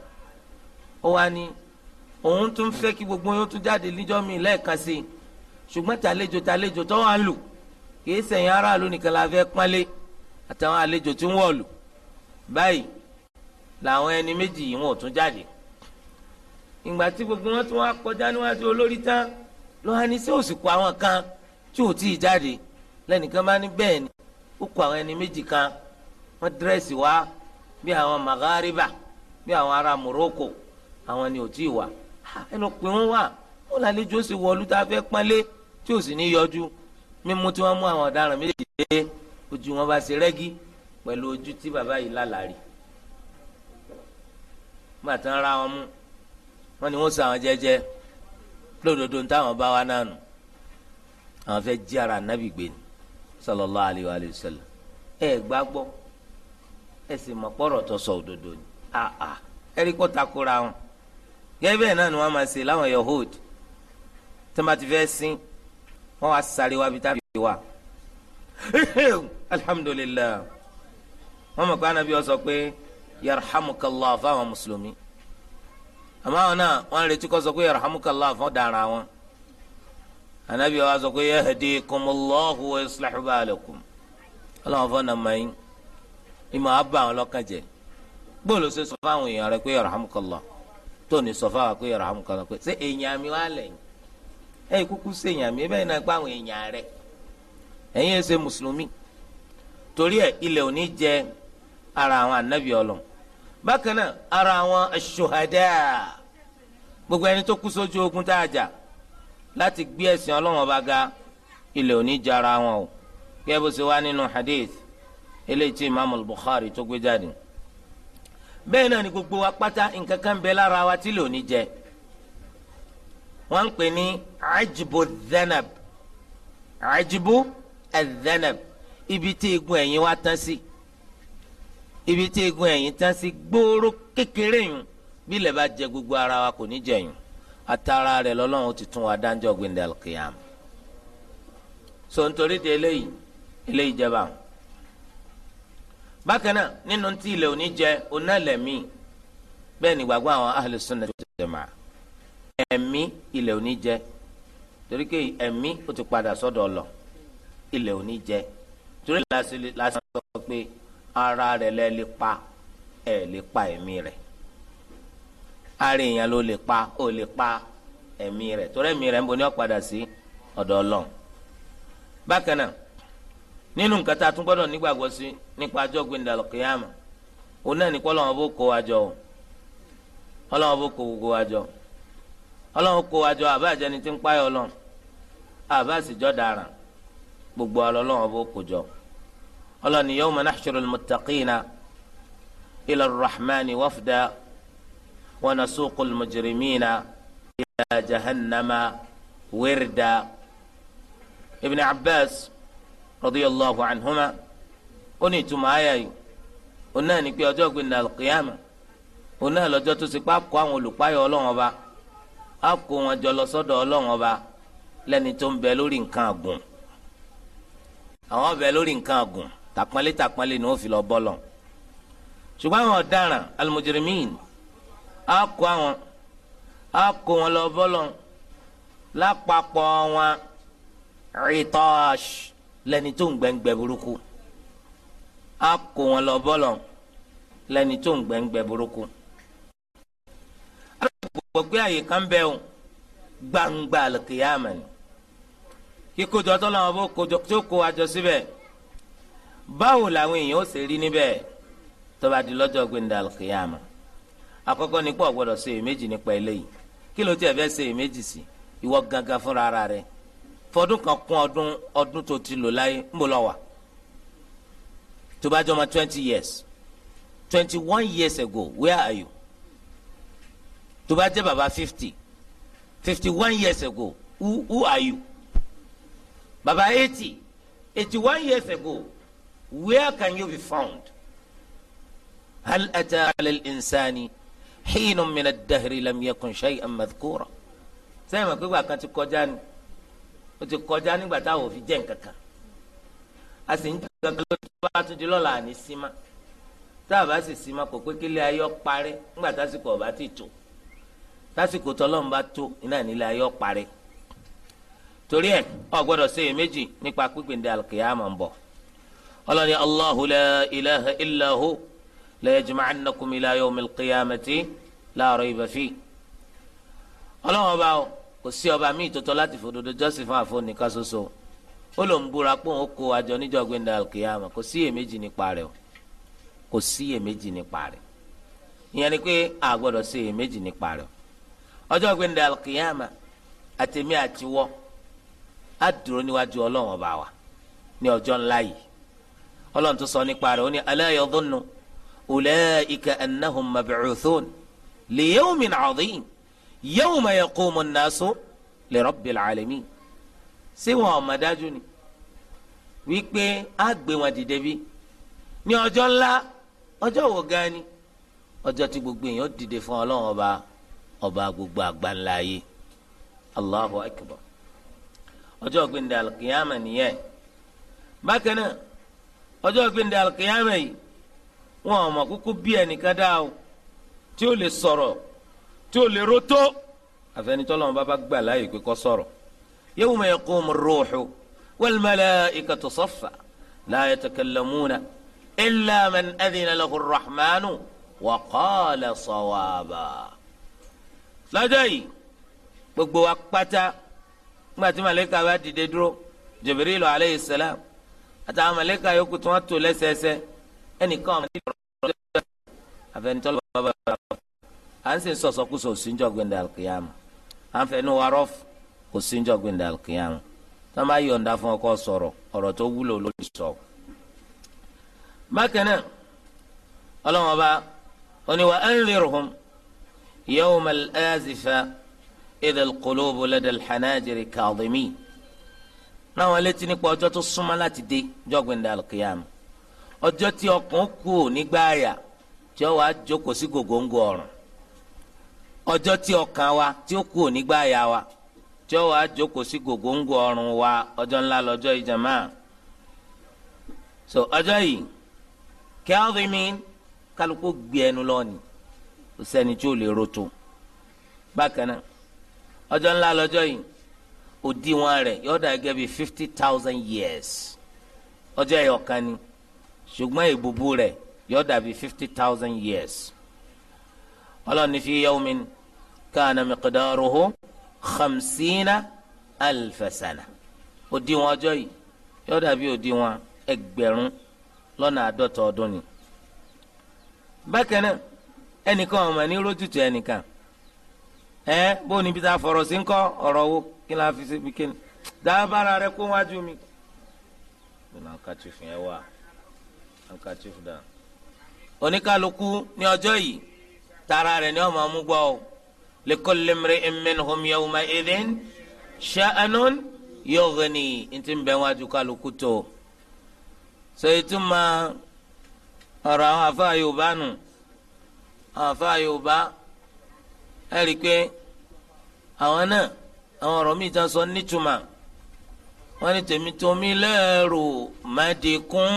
ó wá ní òun tún fẹ́ kí gbogbo yín tún jáde níjọ́ mi lẹ́ẹ̀kan sí i ṣùgbọ́n tàlejò tàlejò tó wà lù kìí sẹ̀yìn aráàlú nìkan la fẹ́ pọ́nlé àtàwọn àlejò tí ń lù báyìí làwọn ẹni méjì yìí wọn ò tún jáde ìgbà tí gbogbo wọn tún wá kọjá níwájú olórí tán ló wá ní sí òsìkò àwọn kan tí ò tíì jáde lẹ́nìkan bá ní bẹ́ẹ̀ ni ó kó àwọn ẹni méjì kan wọ́n dírẹ́sì wá bí àwọn magariba bí àwọn ará Morocco àwọn ni ò tíì wá ẹnu pé wọ́n wà wọ́n lálejò sì wọlú tá a fẹ́ pánlé tí ò sì ní yọjú mímú tí wọ́n mú àwọn ọ̀daràn méjì dé ojú wọn bá ṣe rẹ́gí pẹ̀lú ojú tí bàbá yìí lálàrí bàtà ń ra wọn mú wọ́n ní wọ́n sọ àwọn jẹ́jẹ́ lódodo táwọn bá wa nánu àwọn fẹ́ jí ara nábì gbé ni sallallahu alayhi wa sallam ẹ gbàgbọ́ ẹ sì mọ̀ pọ́rọ̀ tó sọ òdodo ni àà ẹ̀rí kó takora wọn gẹ́gẹ́ bẹ́ẹ̀ náà ni wọ́n máa ṣe láwọn yahood tó fẹ́ sin wọ́n wá sáré wá bí tábìlì wà alhamdulilayi wọ́n mọ̀ pé anabi ọ sọ pé yarhamukallah fáwọn mùsùlùmí. àmọ́ àwọn náà wọ́n retí kọ́ sọ pé yarhamukallah fún dara wọn anabi wa sọ pé yahdikumullahu wa yuslihu balakum ọlọ́wọ́n fọ́nà mayín ìmọ̀ àwọn ọlọ́kàn jẹ bóòlù ṣe sọ fáwọn èèyàn rẹ pé yarhamukallah tóòní sọ fáwọn pé pé ṣé èèyàn mi kúkú ṣe èèyàn mi náà àwọn èèyàn rẹ mùsùlùmí torí òní jẹ ara àwọn anabi bákan náà ara àwọn aṣòhádà gbogbo ẹni tó kú sójú ogun tá a jà láti gbé ẹ̀sìn ọlọ́wọ́n bá ga ilẹ̀ òní jara wọn o kí ẹ bó ṣe wá nínú hadith eléyìí tí imaamu bukhari tó gbé jáde bẹ́ẹ̀ náà ni gbogbo wa pátá nǹkan kan bẹ lára wa tí ilẹ̀ òní jẹ wọ́n ń pè ní ajibu dhanab ajibu adhanab ibi tí egun ẹ̀yìn wa tán sí. Si ibi tí egun ẹ̀yìn tán sí gbòòrò kékeré yùn bí ilẹ̀ bá jẹ gbogbo ara wa kò ní jẹyùn àtàrà rẹ̀ lọ́lọ́run ti tún wa dáńjọ́ gbendal kiyam so nítorí de eléyìí eléyìí jẹba bákan náà nínú tí ilẹ̀ òní jẹ onálẹ̀mí bẹ́ẹ̀ ni gbàgbọ́ àwọn ahlu sunnah tó jẹ màá ẹ̀mí ilẹ̀ òní jẹ torí pé ẹ̀mí ó ti padà sọ́dọ̀ ọlọ ilẹ̀ òní jẹ torí lásán sọ pé. ara rẹ̀ lẹ́ lè pa ẹ̀ lè pa ẹ̀mí ló pa ó lè pa ẹ̀mí rẹ̀ torí ẹ̀mí rẹ̀ ń bo ọ̀padà sí ọ̀dọ̀ ọlọ́run bákan náà nínú nǹkan tá a tún gbọ́dọ̀ nígbàgbọ́ sí nípa ajọ́ òun náà ní bó kó o ọlọ́wọ́n bó kó gbogbo wa kó ń gbogbo bó ọlọ́ni yawma nahshurul muttaqina ila rahmani wafda wa nasuqul mujrimina ila jahannama wirda ibn abbas radiyallahu anhuma ó ní ìtumọ̀ ayà yìí ó náà ní pé ọjọ́ gbẹ̀ndà alqiyama ó náà lọ́jọ́ tó ti pa kó àwọn olùpáyọ̀ ọlọ́wọ́n ba wọn jọ lọ lẹ́ni tó ń bẹ lórí nǹkan àgùn àwọn bẹ lórí nǹkan àgùn tàpọ́nlé tàpọ́nlé ni wọ́n fi lọ bọ́lọ̀ ṣùgbọ́n àwọn ọ̀daràn almujrimin á kó àwọn á kó wọn lọ bọ́lọ̀ lápapọ̀ wọn rìtọ́ṣ lẹ́ni tó ń gbẹ̀ngbẹ̀ burúkú á kó wọn lọ bọ́lọ̀ lẹ́ni tó ń gbẹ̀ngbẹ̀ burúkú. alágbègbè gbé àyè kan bẹ́ẹ̀ o gbangba alkiyama ni kíkójọ tó làwọn bó kójọ tó kó àjọ síbẹ̀. Si báwo làwọn èèyàn ó ṣe rí níbẹ̀ tó bá di lọ́jọ́ gbẹ̀ndà alkiyama àkọ́kọ́ ni pé gbọ́dọ̀ ṣe èméjì nípa eléyìí kí ló tiẹ̀ fẹ́ ṣe èméjì sí ìwọ gangan fúnra ara rẹ fọdún kan kún ọdún ọdún tó ti lò láyé ń bò lọ wà tó bá jọ ma twenty years twenty one years ago where are you tó bá jẹ́ bàbá fifty fifty one years ago who, who are you bàbá eighty eighty one years ago where can you be found hal ata ala al-insani hiinu mina dahiri lam yakun shay'an madhkura sẹ́yìn mọ̀ pé wà kan ti kọjá ni o ti kọjá nígbà táwọn ò fi jẹ́ nǹkan kan a sì ń jẹ́ nǹkan kan lójú bá tún di lọ́la àní símá tá a bá sì símá kò pé kílé ayọ́ parẹ́ nígbà tásìkò ọ̀bá ti tó tásìkò tọ́lọ́run bá tó iná nílé ayọ́ parẹ́ torí ẹ̀ o gbọ́dọ̀ ṣe èméjì nípa pípéǹde àlùkìyámà ń bọ̀. ọlọ́ni allahu la ilaha illahu la yajma'annakum ila yawmil qiyamati la rayba fi. ọlọ́wọ́n bá o ọba míì tó láti fòdodo jọ́sìn fún àfọ̀nìkan ṣoṣo ó lòún búra pé òun kó àjọ níjọ́ gbẹ̀ndà alkiyama kò sí èméjì nípa rẹ̀ o kò sí èméjì nípa ìyẹn ni pé a gbọ́dọ̀ sí èméjì nípa o ọjọ́ ọlọ́run tó sọ nípa rẹ̀ ó ní ala yadhunnu ulaika annahum mab'uthun li yawmin 'adhim yawma yaqumu an-nasu li rabbil 'alamin ṣé wọn ò mọ̀ dájú ni wípé á gbé wọn dìde bí ní ọjọ́ ńlá ọjọ́ wo gan ni ọjọ́ tí gbogbo èèyàn dìde fún ọlọ́run ọba ọba gbogbo àgbáńlá ayé Allahu akbar ọjọ́ gbẹ̀ndẹ̀ nìyẹn bákan náà ọjọ́ gbẹ̀ndé alikiyama yìí wọn àmọ́ kúkú bí ẹnìkan dá o tí ó lè sọ̀rọ̀ tí ó lè rótó àfẹnitọ́lọ́wọ́n bá bá gbà láàyè pé kó sọ̀rọ̀ mẹ́yẹ yawma yaqumu rruhu wal malaikatu saffa la yatakallamuna illa man adhina lahu rrahmanu wa qala sawaba. lọ́jọ́ yìí gbogbo wa pátá ńgbà tí màlẹ́kà bá dìde dúró jibiri Jibrilu alayhi salam àtàwọn mọ̀lẹ́kà yòókù tí wọ́n tò lẹ́sẹẹsẹ ẹnìkan àwọn ọmọdé lọ́rọ̀ lọ́jọ́ àfẹnitọ́ lọ́wọ́ bàbá rẹ̀ à ń sè sọ̀sọ́kùsọ̀ síjọ́ gbẹ̀ndẹ̀ àlùkìyàmù à ń fẹnu wa rọ́f kò síjọ́ gbẹ̀ndẹ̀ àlùkìyàmù tó máa yọ̀ǹda fún ọkọ sọ̀rọ̀ ọ̀rọ̀ tó wúlò lórí sọ. bákan náà oníwà anzirhum yawmal azifa idhal qulubu ráwọn létí nípa ọjọ́ tó súnmọ́ láti dé jọ́gbìn dàlùkìyàmù ọjọ́ tí ọkàn kù nígbà àyà tí ó wàá jókòó sí gògóńgò ọ̀run ọjọ́ tí ọkàn wa tí ó kù nígbà àyà wa tí ó wàá jókòó sí gògóńgò ọ̀run wa ọjọ́ ńlá lọ́jọ́ ìjàmá so ọjọ́ yìí kẹ́hìn mi kálukú gbé ẹnu lọ́ọ̀nì kò sẹ́ni tí ò lè roto bákan náà ọjọ́ ńlá lọ́jọ́ yìí òdiwọ̀n rẹ̀ yóò dà gẹ́gẹ́ fifty thousand years ọjọ́ ẹ̀yọ̀kan ni ṣùgbọ́n ìbùbù rẹ̀ yóò dà bí fifty thousand years ọlọ́run ní fi yawmin kana miqdaruhu khamsina alfasana òdiwọ̀n ọjọ́ yìí yóò dà bí òdiwọ̀n ẹgbẹ̀rún lọ́nà àádọ́ta ọdún ni bákan ẹnìkan ọmọ ní rójútu ẹnìkan ẹ bó níbi tá a fọ̀rọ̀ sí ń kọ́ ọ̀rọ̀ wo. kí la fi ṣe bí kí ni dábàrà rẹ kó wájú mi. nínú ankachifu yẹn wà ankachifu dà. oníkàlùkù ní ọjọ́ yìí tara rẹ̀ ni wọ́n máa mú gbọ́ ọ likulli imri'in minhum yawma idhin sha'nun yughni ntí ń bẹ wájú kálukú tó. sọ ìtumọ̀ ọ̀rọ̀ àwọn afa yorùbá nù àwọn afa yorùbá ẹ̀rí pé àwọn náà àwọn ọ̀rọ̀ míì tán sọ nítumà wọ́n ní tèmi tó mi lẹ́rù mádìkún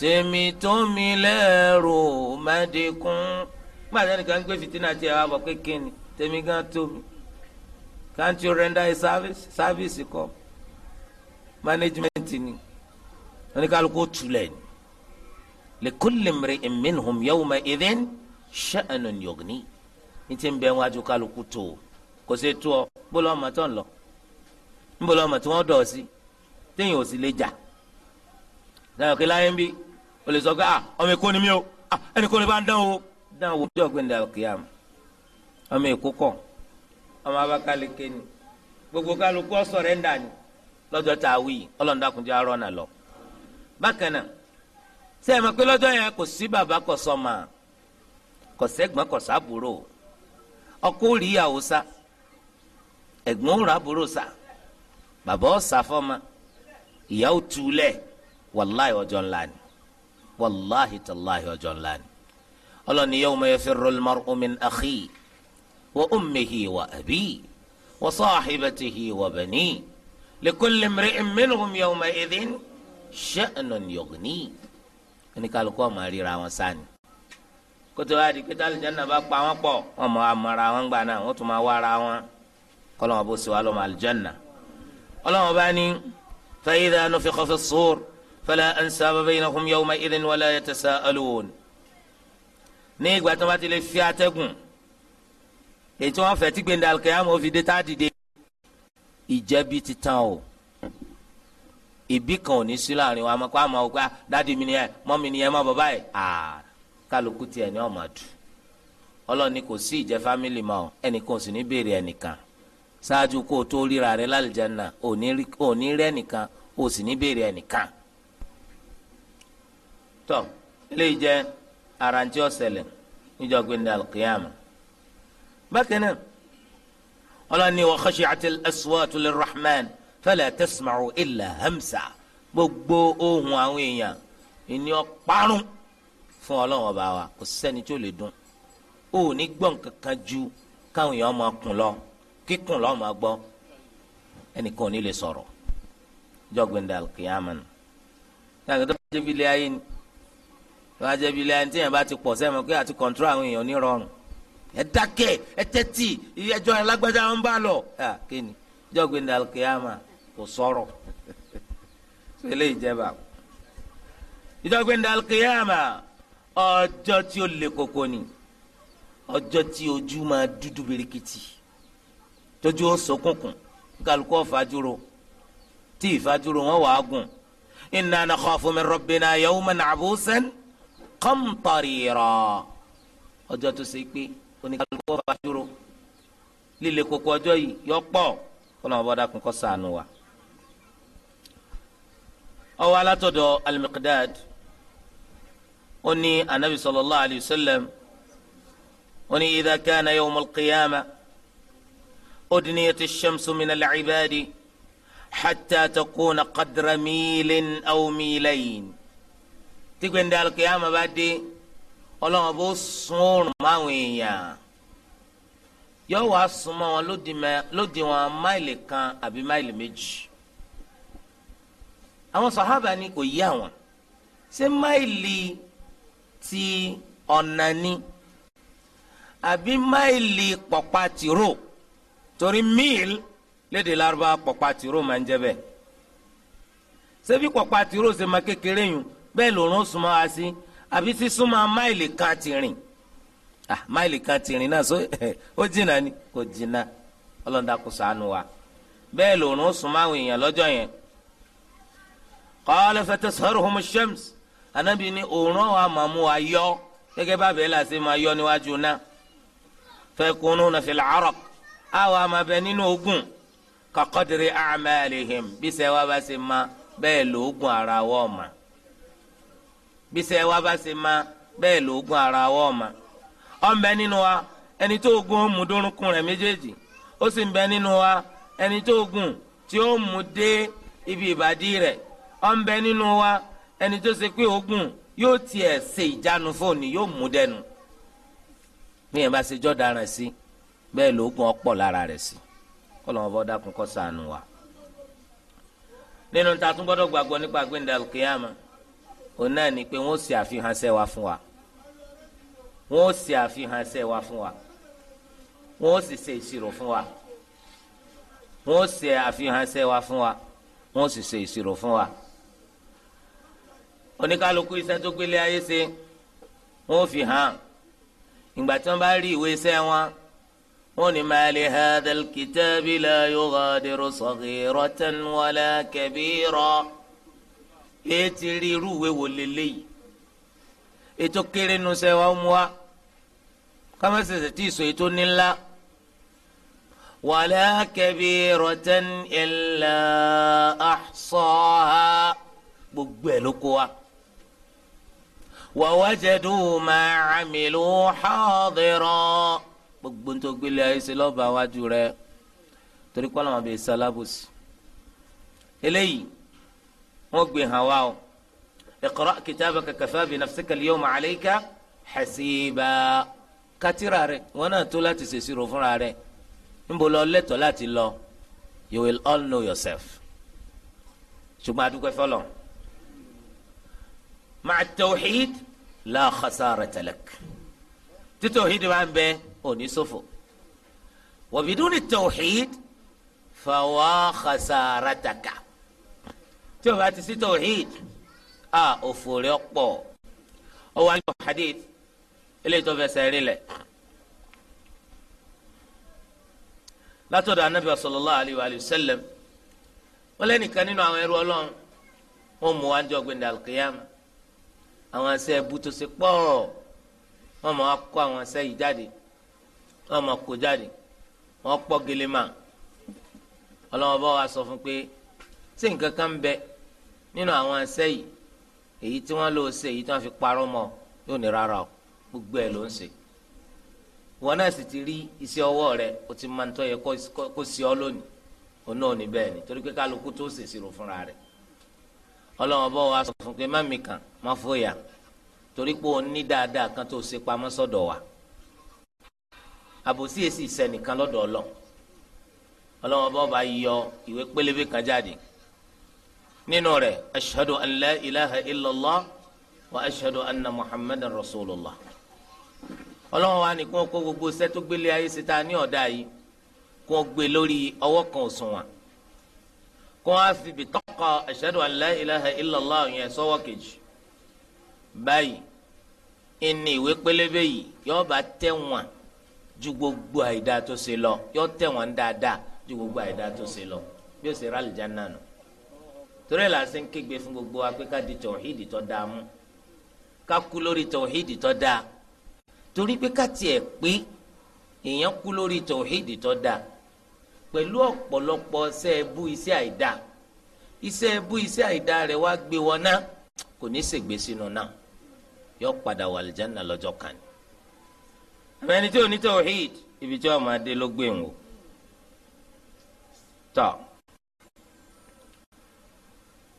tèmi tó mi lẹ́rù mádìkún gbàdá nìkan gbé fìtínà tiẹ̀ wá bọ̀ kékeré ni tèmi gan tóbi can't you render a service service kọ́ management ni wọ́n ní kálukú tulẹ̀ ni lẹ́kọ́lẹ̀ mìíràn ẹ̀mí nìhùn yẹ́wò ma ẹ̀dẹ́n ṣẹ́ ẹ̀nà yọ̀gìnì ní ti ń bẹ́ẹ̀ wájú kálukú tó o. kò ṣe ọ bólú ọmọ tó ń lọ nbólú ọmọ tí wọ́n dọ̀ sí téèyàn ò sì lè jà láyọ̀ kí láyé ń bí o lè sọ o ẹnì kò ní bá ń dán o dán o bí ọmọ èkó kọ̀ ọmọ gbogbo kálukú ń dà ní lọ́jọ́ tá a wí arọ́ lọ. bákan náà mọ̀ pé lọ́jọ́ yẹn kò sí bàbá sọ́mà ẹ̀gbọ́n rà àbúrò sà bàbá ọ̀sà fọ́mà ìyá ò túlẹ̀ wàláhì ọjọ́ ńlá ni wàláhì tàláhì ọjọ́ ńlá ni ọlọ́ni yawma yafirrul mar'u min akhihi wa ummihi wa abihi wa sahibatihi wa banihi likulli imri'in minhum yawma idhin sha'nun yughnihi ẹni kálukú ọmọ ríra wọn sáni kótó wá di pé tálíjà náà bá pa wọn pọ̀ wọn àmọ́ra wọn gbà náà wọn tún máa wá ara wọn kọ́lọ́wọ́n bó ṣe wà lọ́mọ aljanna ọlọ́wọ́n bá ní fa idha nufikha fi s-sur fala ansaba baynahum yawma idhin wala yatasa'alun ní ìgbà tó bá ti lè fi atẹ́gùn ètò wọn fẹ́ tí gbẹ̀ndà alkiyama ó fi dé tá a dìde ìjẹ́bi ti tán o ìbí kan ò ní sí láàrin wa kó àmọ́ ọgbà dáàdi mi nìyẹn mọ́mí nìyẹn mọ́ bàbá yìí aa ah, kálukú tiẹ̀ ní ọ̀mà dù ọlọ́run ni kò sí ìjẹ́ fámìlì mọ́ ẹnìkan ò sì ní béèrè ẹnìkan ṣáájú kó o tó ríra rẹ lálìjáná ò ní rẹ nìkan ò sì ní béèrè ẹnìkan. tọ́ eléyìí jẹ́ ara tí ó ṣẹlẹ̀ níjọ́ gbẹ̀ndé alqiyama. bákan náà ọlọ́ni wa khashi'atil aswatu lirrahman fala tasma'u illa hamsa gbogbo ohun àwọn èèyàn ìní ọ̀parun fún ọlọ́run ọba wa kò sẹ́ni tí ó lè dún ó ní gbọ́n kankan ju káwọn èèyàn máa kùn lọ kíkùn lọ́ọ́ máa gbọ́ ẹnìkan ò ní lè sọ̀rọ̀ jọ́gbìndà kìámanu táwọn ìgbà tó bá jẹ́ bí ilé ayé ni tó bá jẹ́ bí ilé ayé ni tíyẹn bá ti pọ̀ sẹ́wọ̀n pé àti kọ̀ǹtúrò àwọn èèyàn ní rọrùn ẹ dákẹ́ ẹ tẹ́tì ilé ẹjọ́ lágbájá ń bá lọ kíni jọ́gbìndà kìámà kò sọ̀rọ̀ ṣe lè jọ́gbìndà kìámà ọjọ́ tí ó le koko ni ọjọ́ tí ojú máa dúdú birikiti tójú ó ṣókùnkùn kálukú ọ̀fàdúró tí ìfàdúró wọn wàá gùn inna nakhafu min rabbina yawman abusan qamtarira ọjọ́ tó ṣe pé oníkálukú ọ̀fàdúró líle koko ọjọ́ yìí yọ pọ̀ kọ́nà ọ̀bọ̀dá kún kọ́ sànù wa. ọwọ́ alátọ̀dọ̀ al-Miqdad ó ní anabi sallallahu alayhi wa sallam ó ní idha أدنيت الشمس من العباد حتى تكون قدر ميل أو ميلين تقول دال القيامة بعد ọlọ́run bó sun oòrùn máwọn èèyàn yóò wá súnmọ́ wọn lódì wọn máìlì kan àbí máìlì méjì àwọn sàhábà ni kò yí àwọn ṣé máìlì ti ọ̀nà ni àbí máìlì pọ̀pá tìróò torí míìl lédè lárúbá pọ̀pá tìró máa ń jẹ́ bẹ́ẹ̀ ṣebí pọ̀pá tìró ṣe máa kékeré yùn bẹ́ẹ̀ lòrùn súnmọ́ wa sí àbí sísúnmọ́ máìlì kan ti ah máìlì kan ti náà so ó jìnnà ni kò jìnnà ọlọ́dà kò sànù wa bẹ́ẹ̀ lòrùn súnmọ́ àwọn èèyàn lọ́jọ́ yẹn qala fatasharuhum ash-shams anábì ní òórùn wa máa mú wa yọ gẹ́gẹ́ bá bẹ́ẹ̀ là ṣe máa yọ níwájú náà fayakununa fil araq àwọn amabẹ ninu ogun kakọdiri amalihim bísẹ wa bá ṣe ma bẹ́ẹ̀ lóògùn ara wọ ma bísẹ wa bá ṣe ma bẹ́ẹ̀ lóògùn ara wọ ma ọmọbẹ nínú wa ẹni tó ogun ó mú dórúnkún rẹ̀ méjèèjì ó sì ń bẹ nínú wa ẹni tó ogun tí ó mu dé ibi ìbàdí rẹ̀ ọmọbẹ nínú wa ẹni tó ṣe pé ogun yóò tiẹ̀ ṣe ìjánu fóònù yóò mú dẹnu bí yẹn bá ṣe jọ́ dára si. i. bẹ́ẹ̀ lóògùn ọ̀pọ̀ lára rẹ̀ sí kọ́lọ́mọ bọ́ dákun kọ́ sànù wa. nínú ta tún gbọ́dọ̀ gbàgbọ́ nípa gbẹ̀ndà kìyàmà òun náà ni pé wọ́n ṣe àfihàn sẹ́ wa fún wa wọ́n ṣe àfihàn sẹ́ wa fún wa wọ́n sì ṣe ìṣirò fún wa wọ́n àfihàn sẹ́ wa fún wa fi hàn ìgbà tí wọ́n bá rí ìwé iṣẹ́ wọ́n ní maali hadal kitabi la yughadiru saghiratan wala kabira ètí rí irú ìwé wò lélẹ́yìí ètò kéré nu sẹ́ wa mú wa kámẹ́sẹ̀sẹ̀ tí ìsọ̀ ètò nílá wala kabiratan illa ahsaha gbogbo ẹ̀ ló kó wa. wa wajadu ma amilu gbogbo ń tó gbélé ayé ṣe lọ́ba wájú rẹ torí kọ́ làwọn abẹ́yẹsẹ alábòsí eléyìí wọ́n gbé hàn wá o iqra kitabaka kafa bi nafsika al-yawma alayka hasiba katira rẹ wọn náà tó láti ṣèṣirò fúnra rẹ níbo lọ lẹ́tọ̀ọ́ láti lọ you will all know yourself ṣùgbọ́n adúgbò fọlọ́ ma'a tawhid la khasarata lak tí tawhid bá ń bẹ́ẹ̀ òní ṣòfò wa biduni tawhid fawa khasarataka tí o bá ti sí tawhid a òfò rẹ̀ pọ̀ ọ wá ń jọ hadith eléyìí tó fẹsẹ̀ rí lẹ̀. látọ̀dọ̀ anabi sallallahu alayhi wa sallam wọ́n lẹ́nìkan nínú àwọn ẹrú ọlọ́run wọ́n mú wa jọ gbẹ̀ndẹ̀ alqiyama àwọn ẹsẹ̀ ẹbú pọ̀ wọ́n mọ̀ wá kó àwọn ẹsẹ̀ yìí jáde wọn máa kó jáde wọn pọ̀ gelema ọlọ́wọ́n bá wa sọ fún pé ṣé nǹkan kan bẹ nínú àwọn asẹ́ yìí èyí tí wọ́n lò ó ṣe èyí tí wọ́n fi parọ́ mọ́ yóò ní rárá o gbogbo ẹ̀ ló ń ṣe wọn náà sì ti rí iṣẹ́ ọwọ́ rẹ o ti máa ń tọ́ yẹ kó sí ọ lónìí òun náà ní bẹ́ẹ̀ ni torí pé kálukú tó ṣèṣirò fúnra rẹ̀ ọlọ́wọ́n bá wa sọ fún pé má mi kàn má fòyà torí pé o ní dáadáa kan tó ṣe pamọ́ sọ́dọ̀ wa àbòsí èsì ìsẹnìkan lọ́dọ̀ ọlọ ọlọmọ bá bá yọ ìwé pélébé kan jáde nínú rẹ̀ ashadu an la ilaha illallah wa ashadu anna muhammadan rasulullah ọlọ́wọ́n wa nìkan kó gbogbo iṣẹ́ tó gbélé ayé ṣe ta ní ọ̀dà yìí kó o gbé lórí ọwọ́ kan òṣùwọ̀n kó o fi bìtọ́kọ ashadu an la ilaha illallah yẹn sọ́wọ́ kejì báyìí ìní ìwé pélébé yìí yọ́ọ́ bá tẹ̀wọ̀n ju gbogbo àìdá tó ṣe lọ yọ tẹ̀ wọ́n dáadáa ju gbogbo àìdá tó ṣe lọ bí ó ṣe rà àlùjánnà nù torí ẹ̀ làásì ń kégbe fún gbogbo wa pé ká di tọ̀hídì tó dáa mú ká kú lórí tọ̀hídì tó dáa torí pé ká tiẹ̀ pé èèyàn kú lórí tọ̀hídì tó dáa pẹ̀lú ọ̀pọ̀lọpọ̀ iṣẹ́ ẹbú iṣẹ́ àìdá iṣẹ́ ẹbú iṣẹ́ àìdá rẹ̀ wá gbé wọn ná kò ní ṣègbè sínú náà yọ padà wà àlùjánnà lọ́jọ́ kan ni àmọ́ ẹni tí ò ní tawhid ibi tí ọmọ adé ló gbé wò tọ́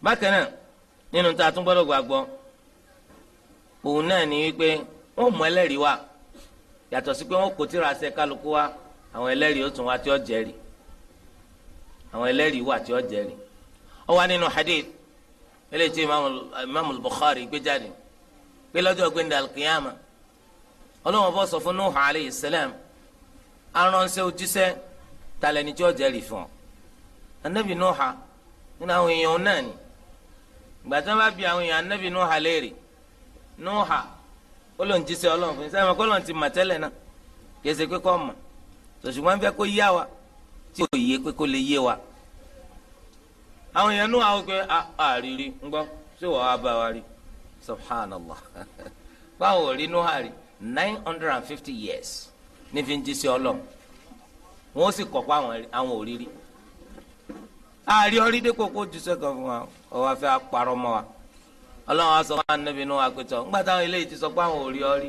bákan náà nínú tá a tún gbọ́dọ̀ gbàgbọ́ òun náà ní wípé wọ́n mú ẹlẹ́rìí wá yàtọ̀ sí pé wọ́n kò tíra ṣe kálukú wá àwọn ẹlẹ́rìí ó tún wá tí ó jẹ́rìí àwọn ẹlẹ́rìí wá tí ó jẹ́rìí ó wá nínú hadith eléyìí tí imaamu bukhari gbé jáde pé lọ́jọ́ gbẹ̀ndé alkiyama ọlọ́wọ́n bọ́ sọ fún nuhu alayhi salam aránṣẹ́ òjíṣẹ́ talẹ̀ni tí ó jẹ́rìí fún ọ anabi nuha nínú àwọn èèyàn náà ni gbàtà bá bi àwọn èèyàn anabi nuha léèrè nuha ó lòun jíṣẹ́ ọlọ́run fún sẹ́wọ̀n kó lòun ti mà tẹ́lẹ̀ náà kèsè pé kọ́ mà sòṣùgbọ́n fẹ́ kó yá wa tí kò yé kó lè yé wa àwọn èèyàn nuha wọ́n pé àrírí ń gbọ́ ṣé wàá bá wa rí subhanallah báwo rí nuha rí nine hundred and fifty years ní fi ń jí sí ọlọ wọn ó sì kọ pa àwọn òrírí àárí ọrí dé kókó ju sẹkọọ fún wa ọwọ afẹ àparọ mọ wa Ọlọ́run á sọ fún anabi inú wa pẹtọ ńgbà táwọn eléyìí ti sọ pé àwọn òrí ọrí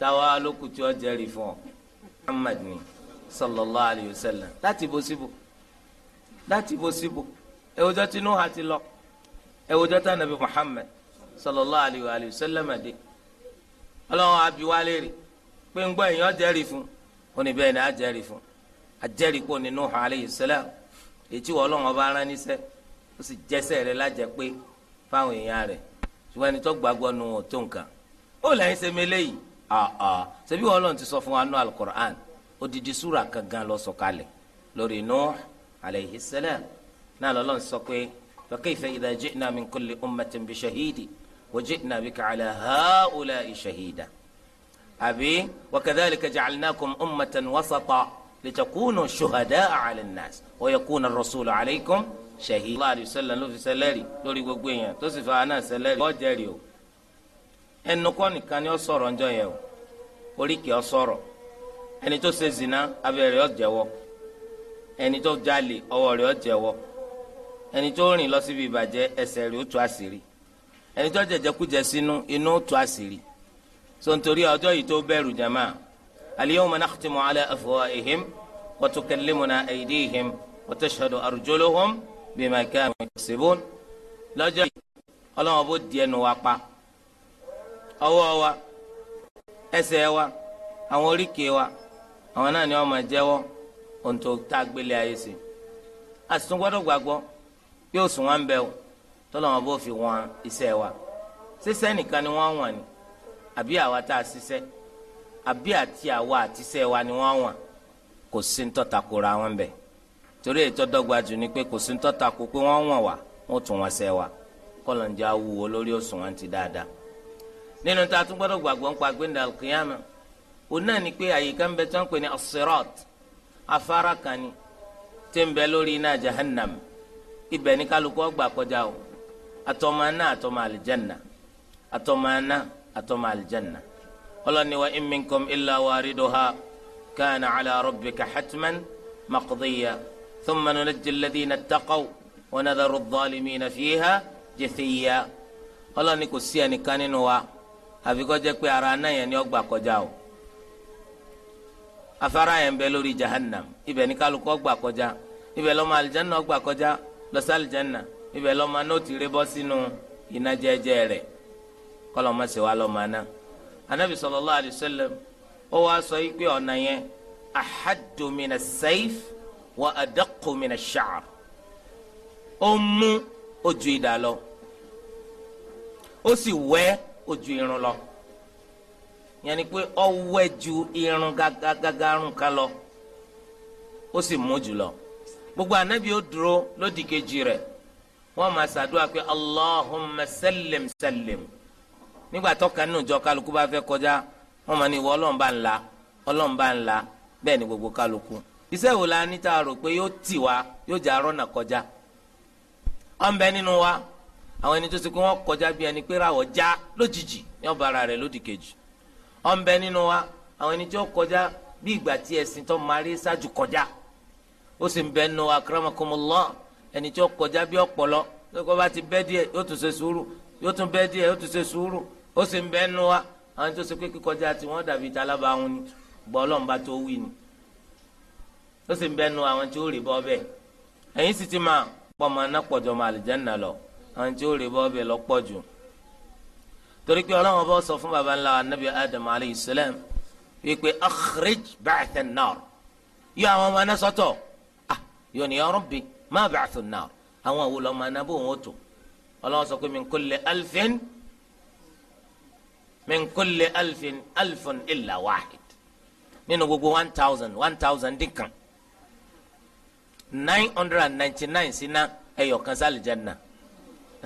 táwa lókùn tí wọn jẹ́rìí fún ọ Muhammad ni sallallahu alayhi wa sallam láti ibo síbo láti ibo síbo ẹwùjọ tinú ha ti lọ ẹwùjọ tánàbí Muhammad sallallahu alayhi wa sallam adé. ọlọ́run àbí wa pé ń èèyàn jẹ́rìí fún ó ní ni á fún á jẹ́rìí pò ètí wọ́n ọlọ́run ọba rán níṣẹ́ ó sì jẹ́sẹ̀ rẹ̀ lájẹ́ pé fáwọn èèyàn rẹ̀ ṣùgbọ́n ẹni tó gbàgbọ́ nu tó nǹkan ó lẹ́yìn ṣe mélé àà ṣebí wọn ọlọ́run ti sọ fún wa nú alukur'an odidi súra kan gan lọ sọ̀kalẹ̀ lórí náà lọ́lọ́run sọ pé وجئنا بك على هؤلاء شهيدا أبي وكذلك جعلناكم أمة وسطا لتكونوا شهداء على الناس ويكون الرسول عليكم شهيد الله عليه وسلم لو في سلالي لوري وقويا توصف أنا سلالي وجاريو إنه كان كان يصور عن جايو وليك يصور أني توصي زنا أبي ريوت جاو أني تو جالي أو ريوت جاو أني تو رني لسي بباجي أسيري وتواسيري ẹni tó jẹjẹ kújẹ sínú inú tó àṣírí so nítorí ọjọ́ yìí tó bẹ̀rù jama al-yawma nakhtimu ala afwahihim wa tukallimuna aydihim wa tashhadu arjuluhum bima kanu yaksibun lọ́jọ́ yìí Ọlọ́run bó di ẹnu wa pa ọwọ́ wa ẹsẹ̀ wa àwọn oríkèé wa àwọn náà ni wọ́n máa jẹ́wọ́ ohun tó tá a gbélé ayé sí i àsùnwọ́dọ̀ gbàgbọ́ yóò sùn wá ń o tọ́lọ́wọ́n bó fi wọn iṣẹ́ wa ṣiṣẹ́ nìkan ni wọ́n wọ̀n ni àbí àwa tá a ṣiṣẹ́ àbí àti àwa àti iṣẹ́ wa ni wọ́n wọ̀n kò sí ntọ́ta kó ra wọn bẹ̀ torí ètò dọ́gba jù ni pé kò sí ntọ́ta kó pé wọ́n wọ̀n wá wọ́n tún wọn ṣẹ́ wa kọ́lọ̀njá wúwo lórí òṣùwọ̀n ti dáadáa nínú tá a tún gbọ́dọ̀ gbàgbọ́ ń pa gbẹ́ndà kìyàmù òun náà ni pé àyíká ń bẹ tí wọ́n ń pè ní as-sirat afárá kan ni tí ń bẹ lórí iná jahannam ibẹ̀ ní kálukú ọgbà kọjá o atọmana atọmọ alijanna atọmana atọmọ alijanna ọlọni wa in minkum illa wariduha kana ala rabbika hatman maqdiya thumma nunajji alladhina ittaqaw wa nadharu adh-dhalimina fiha jithiya ọlọni kò sí ẹnìkan nínú wa àfi kó ara náà ni ó gbà kọjá o afárá yẹn jahannam ibẹ̀ ni kálukú ó gbà kọjá ibẹ̀ alijanna ó gbà kọjá alijanna. ibẹ̀ lọ́mọ náà ti ré bọ́ sínú iná jẹ́jẹ́ rẹ̀ kọ́lọ́mọ sì wá lọ́mọ náà anabi sallallahu alayhi wa ó wá sọ yìí pé ọ̀nà yẹn ahaddu mina wa adaqqu mina sha'r ó mú ó ju idà lọ ó sì wẹ́ ó irun lọ yẹn ni pé ó wẹ́ ju irun gágágágárùn kan lọ ó sì mú jù lọ gbogbo anabi ó dúró lódì kejì rẹ̀ wọ́n máa ṣàdúrà pé allahumma sallim sallim nígbà tó nínú ìjọ kálukú bá fẹ́ kọjá wọn máa ní ìwọ ọlọ́run bá ọlọ́run gbogbo kálukú iṣẹ́ wo la ní tá rò pé yóò tì wá yóò jẹ́ kọjá ọ̀n nínú wa àwọn ẹni tó ti wọn kọjá bí ẹni pé ráwọ̀ já lójijì ara rẹ̀ kejì ọ̀n nínú wa àwọn ẹni tó kọjá bí ìgbà tí ẹ̀sìn tó máa rí kọjá ó sì ń ẹni tí ó kọjá bí ọ̀pọ̀lọ tó bá ti bẹ́ díẹ̀ yóò tún ṣe sùúrù yóò tún bẹ́ díẹ̀ yóò tún ṣe sùúrù ó sì ń bẹ́ nu wa àwọn tó ṣe pé kíkọjá tí wọ́n dàbí tálábà wọn ni gbọ́ ọlọ́mùbá tó wí ni ó sì ń bẹ́ nu àwọn tí ó rè bọ́ bẹ́ẹ̀ ẹ̀yin sì ti máa pọ̀ mọ́ ná pọ̀jọ́ mọ́ àlìjáná lọ àwọn tí ó rè bọ́ bẹ́ẹ̀ lọ́pọ̀ jù torí pé ọlọ́wọ́n bá sọ fún baba ńlá anabi adam alayhi salam wípé akhrij ba'than nar yọ àwọn ọmọ aná sọ́tọ̀ ah yóò ní ya rabbi má bàtú náà àwọn àwo lọ́mọ aná bò wọ́n tó ọlọ́wọ́n sọ pé min kulli alfin min kulli alfin alfin illa wahid nínú gbogbo one thousand one thousand dín nine hundred and ninety nine sí náà ẹyọ kan sálì janna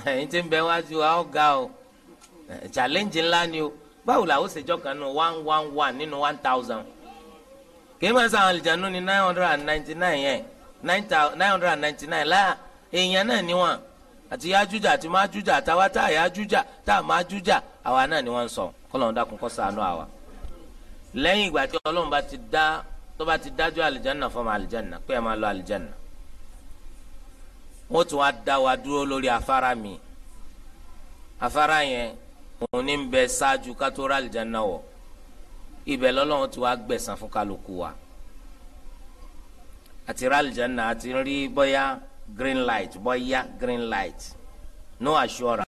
ẹyin tí ń bẹ wájú wa ó ga o challenge ńlá ni o báwo la ó ṣèjọ kan nù one one one nínú one thousand kì í máa sàn àlìjánu ní nine hundred and ninety nine yẹn nine hundred and ninety èèyàn náà ni wọ́n àti yájújà àti májújà àtàwa tá a tá a àwa náà ni wọ́n ń sọ kọ́lọ́n dákun kó ṣàánú àwa. lẹ́yìn ìgbà tí ọlọ́run bá ti dá tó bá ti dájọ́ àlìjánná fọmọ àlìjánná pé ẹ máa lọ àlìjánná. wọ́n tún wá dá wa dúró lórí afárá mi afárá yẹn òun ní bẹ ṣáájú ká tó rà àlìjánná wọ̀ ibẹ̀ lọ́lọ́run ti wá gbẹ̀san fún kálukú wa àti rí àlìjáná àti rí bóyá green light bóyá green light no assurance.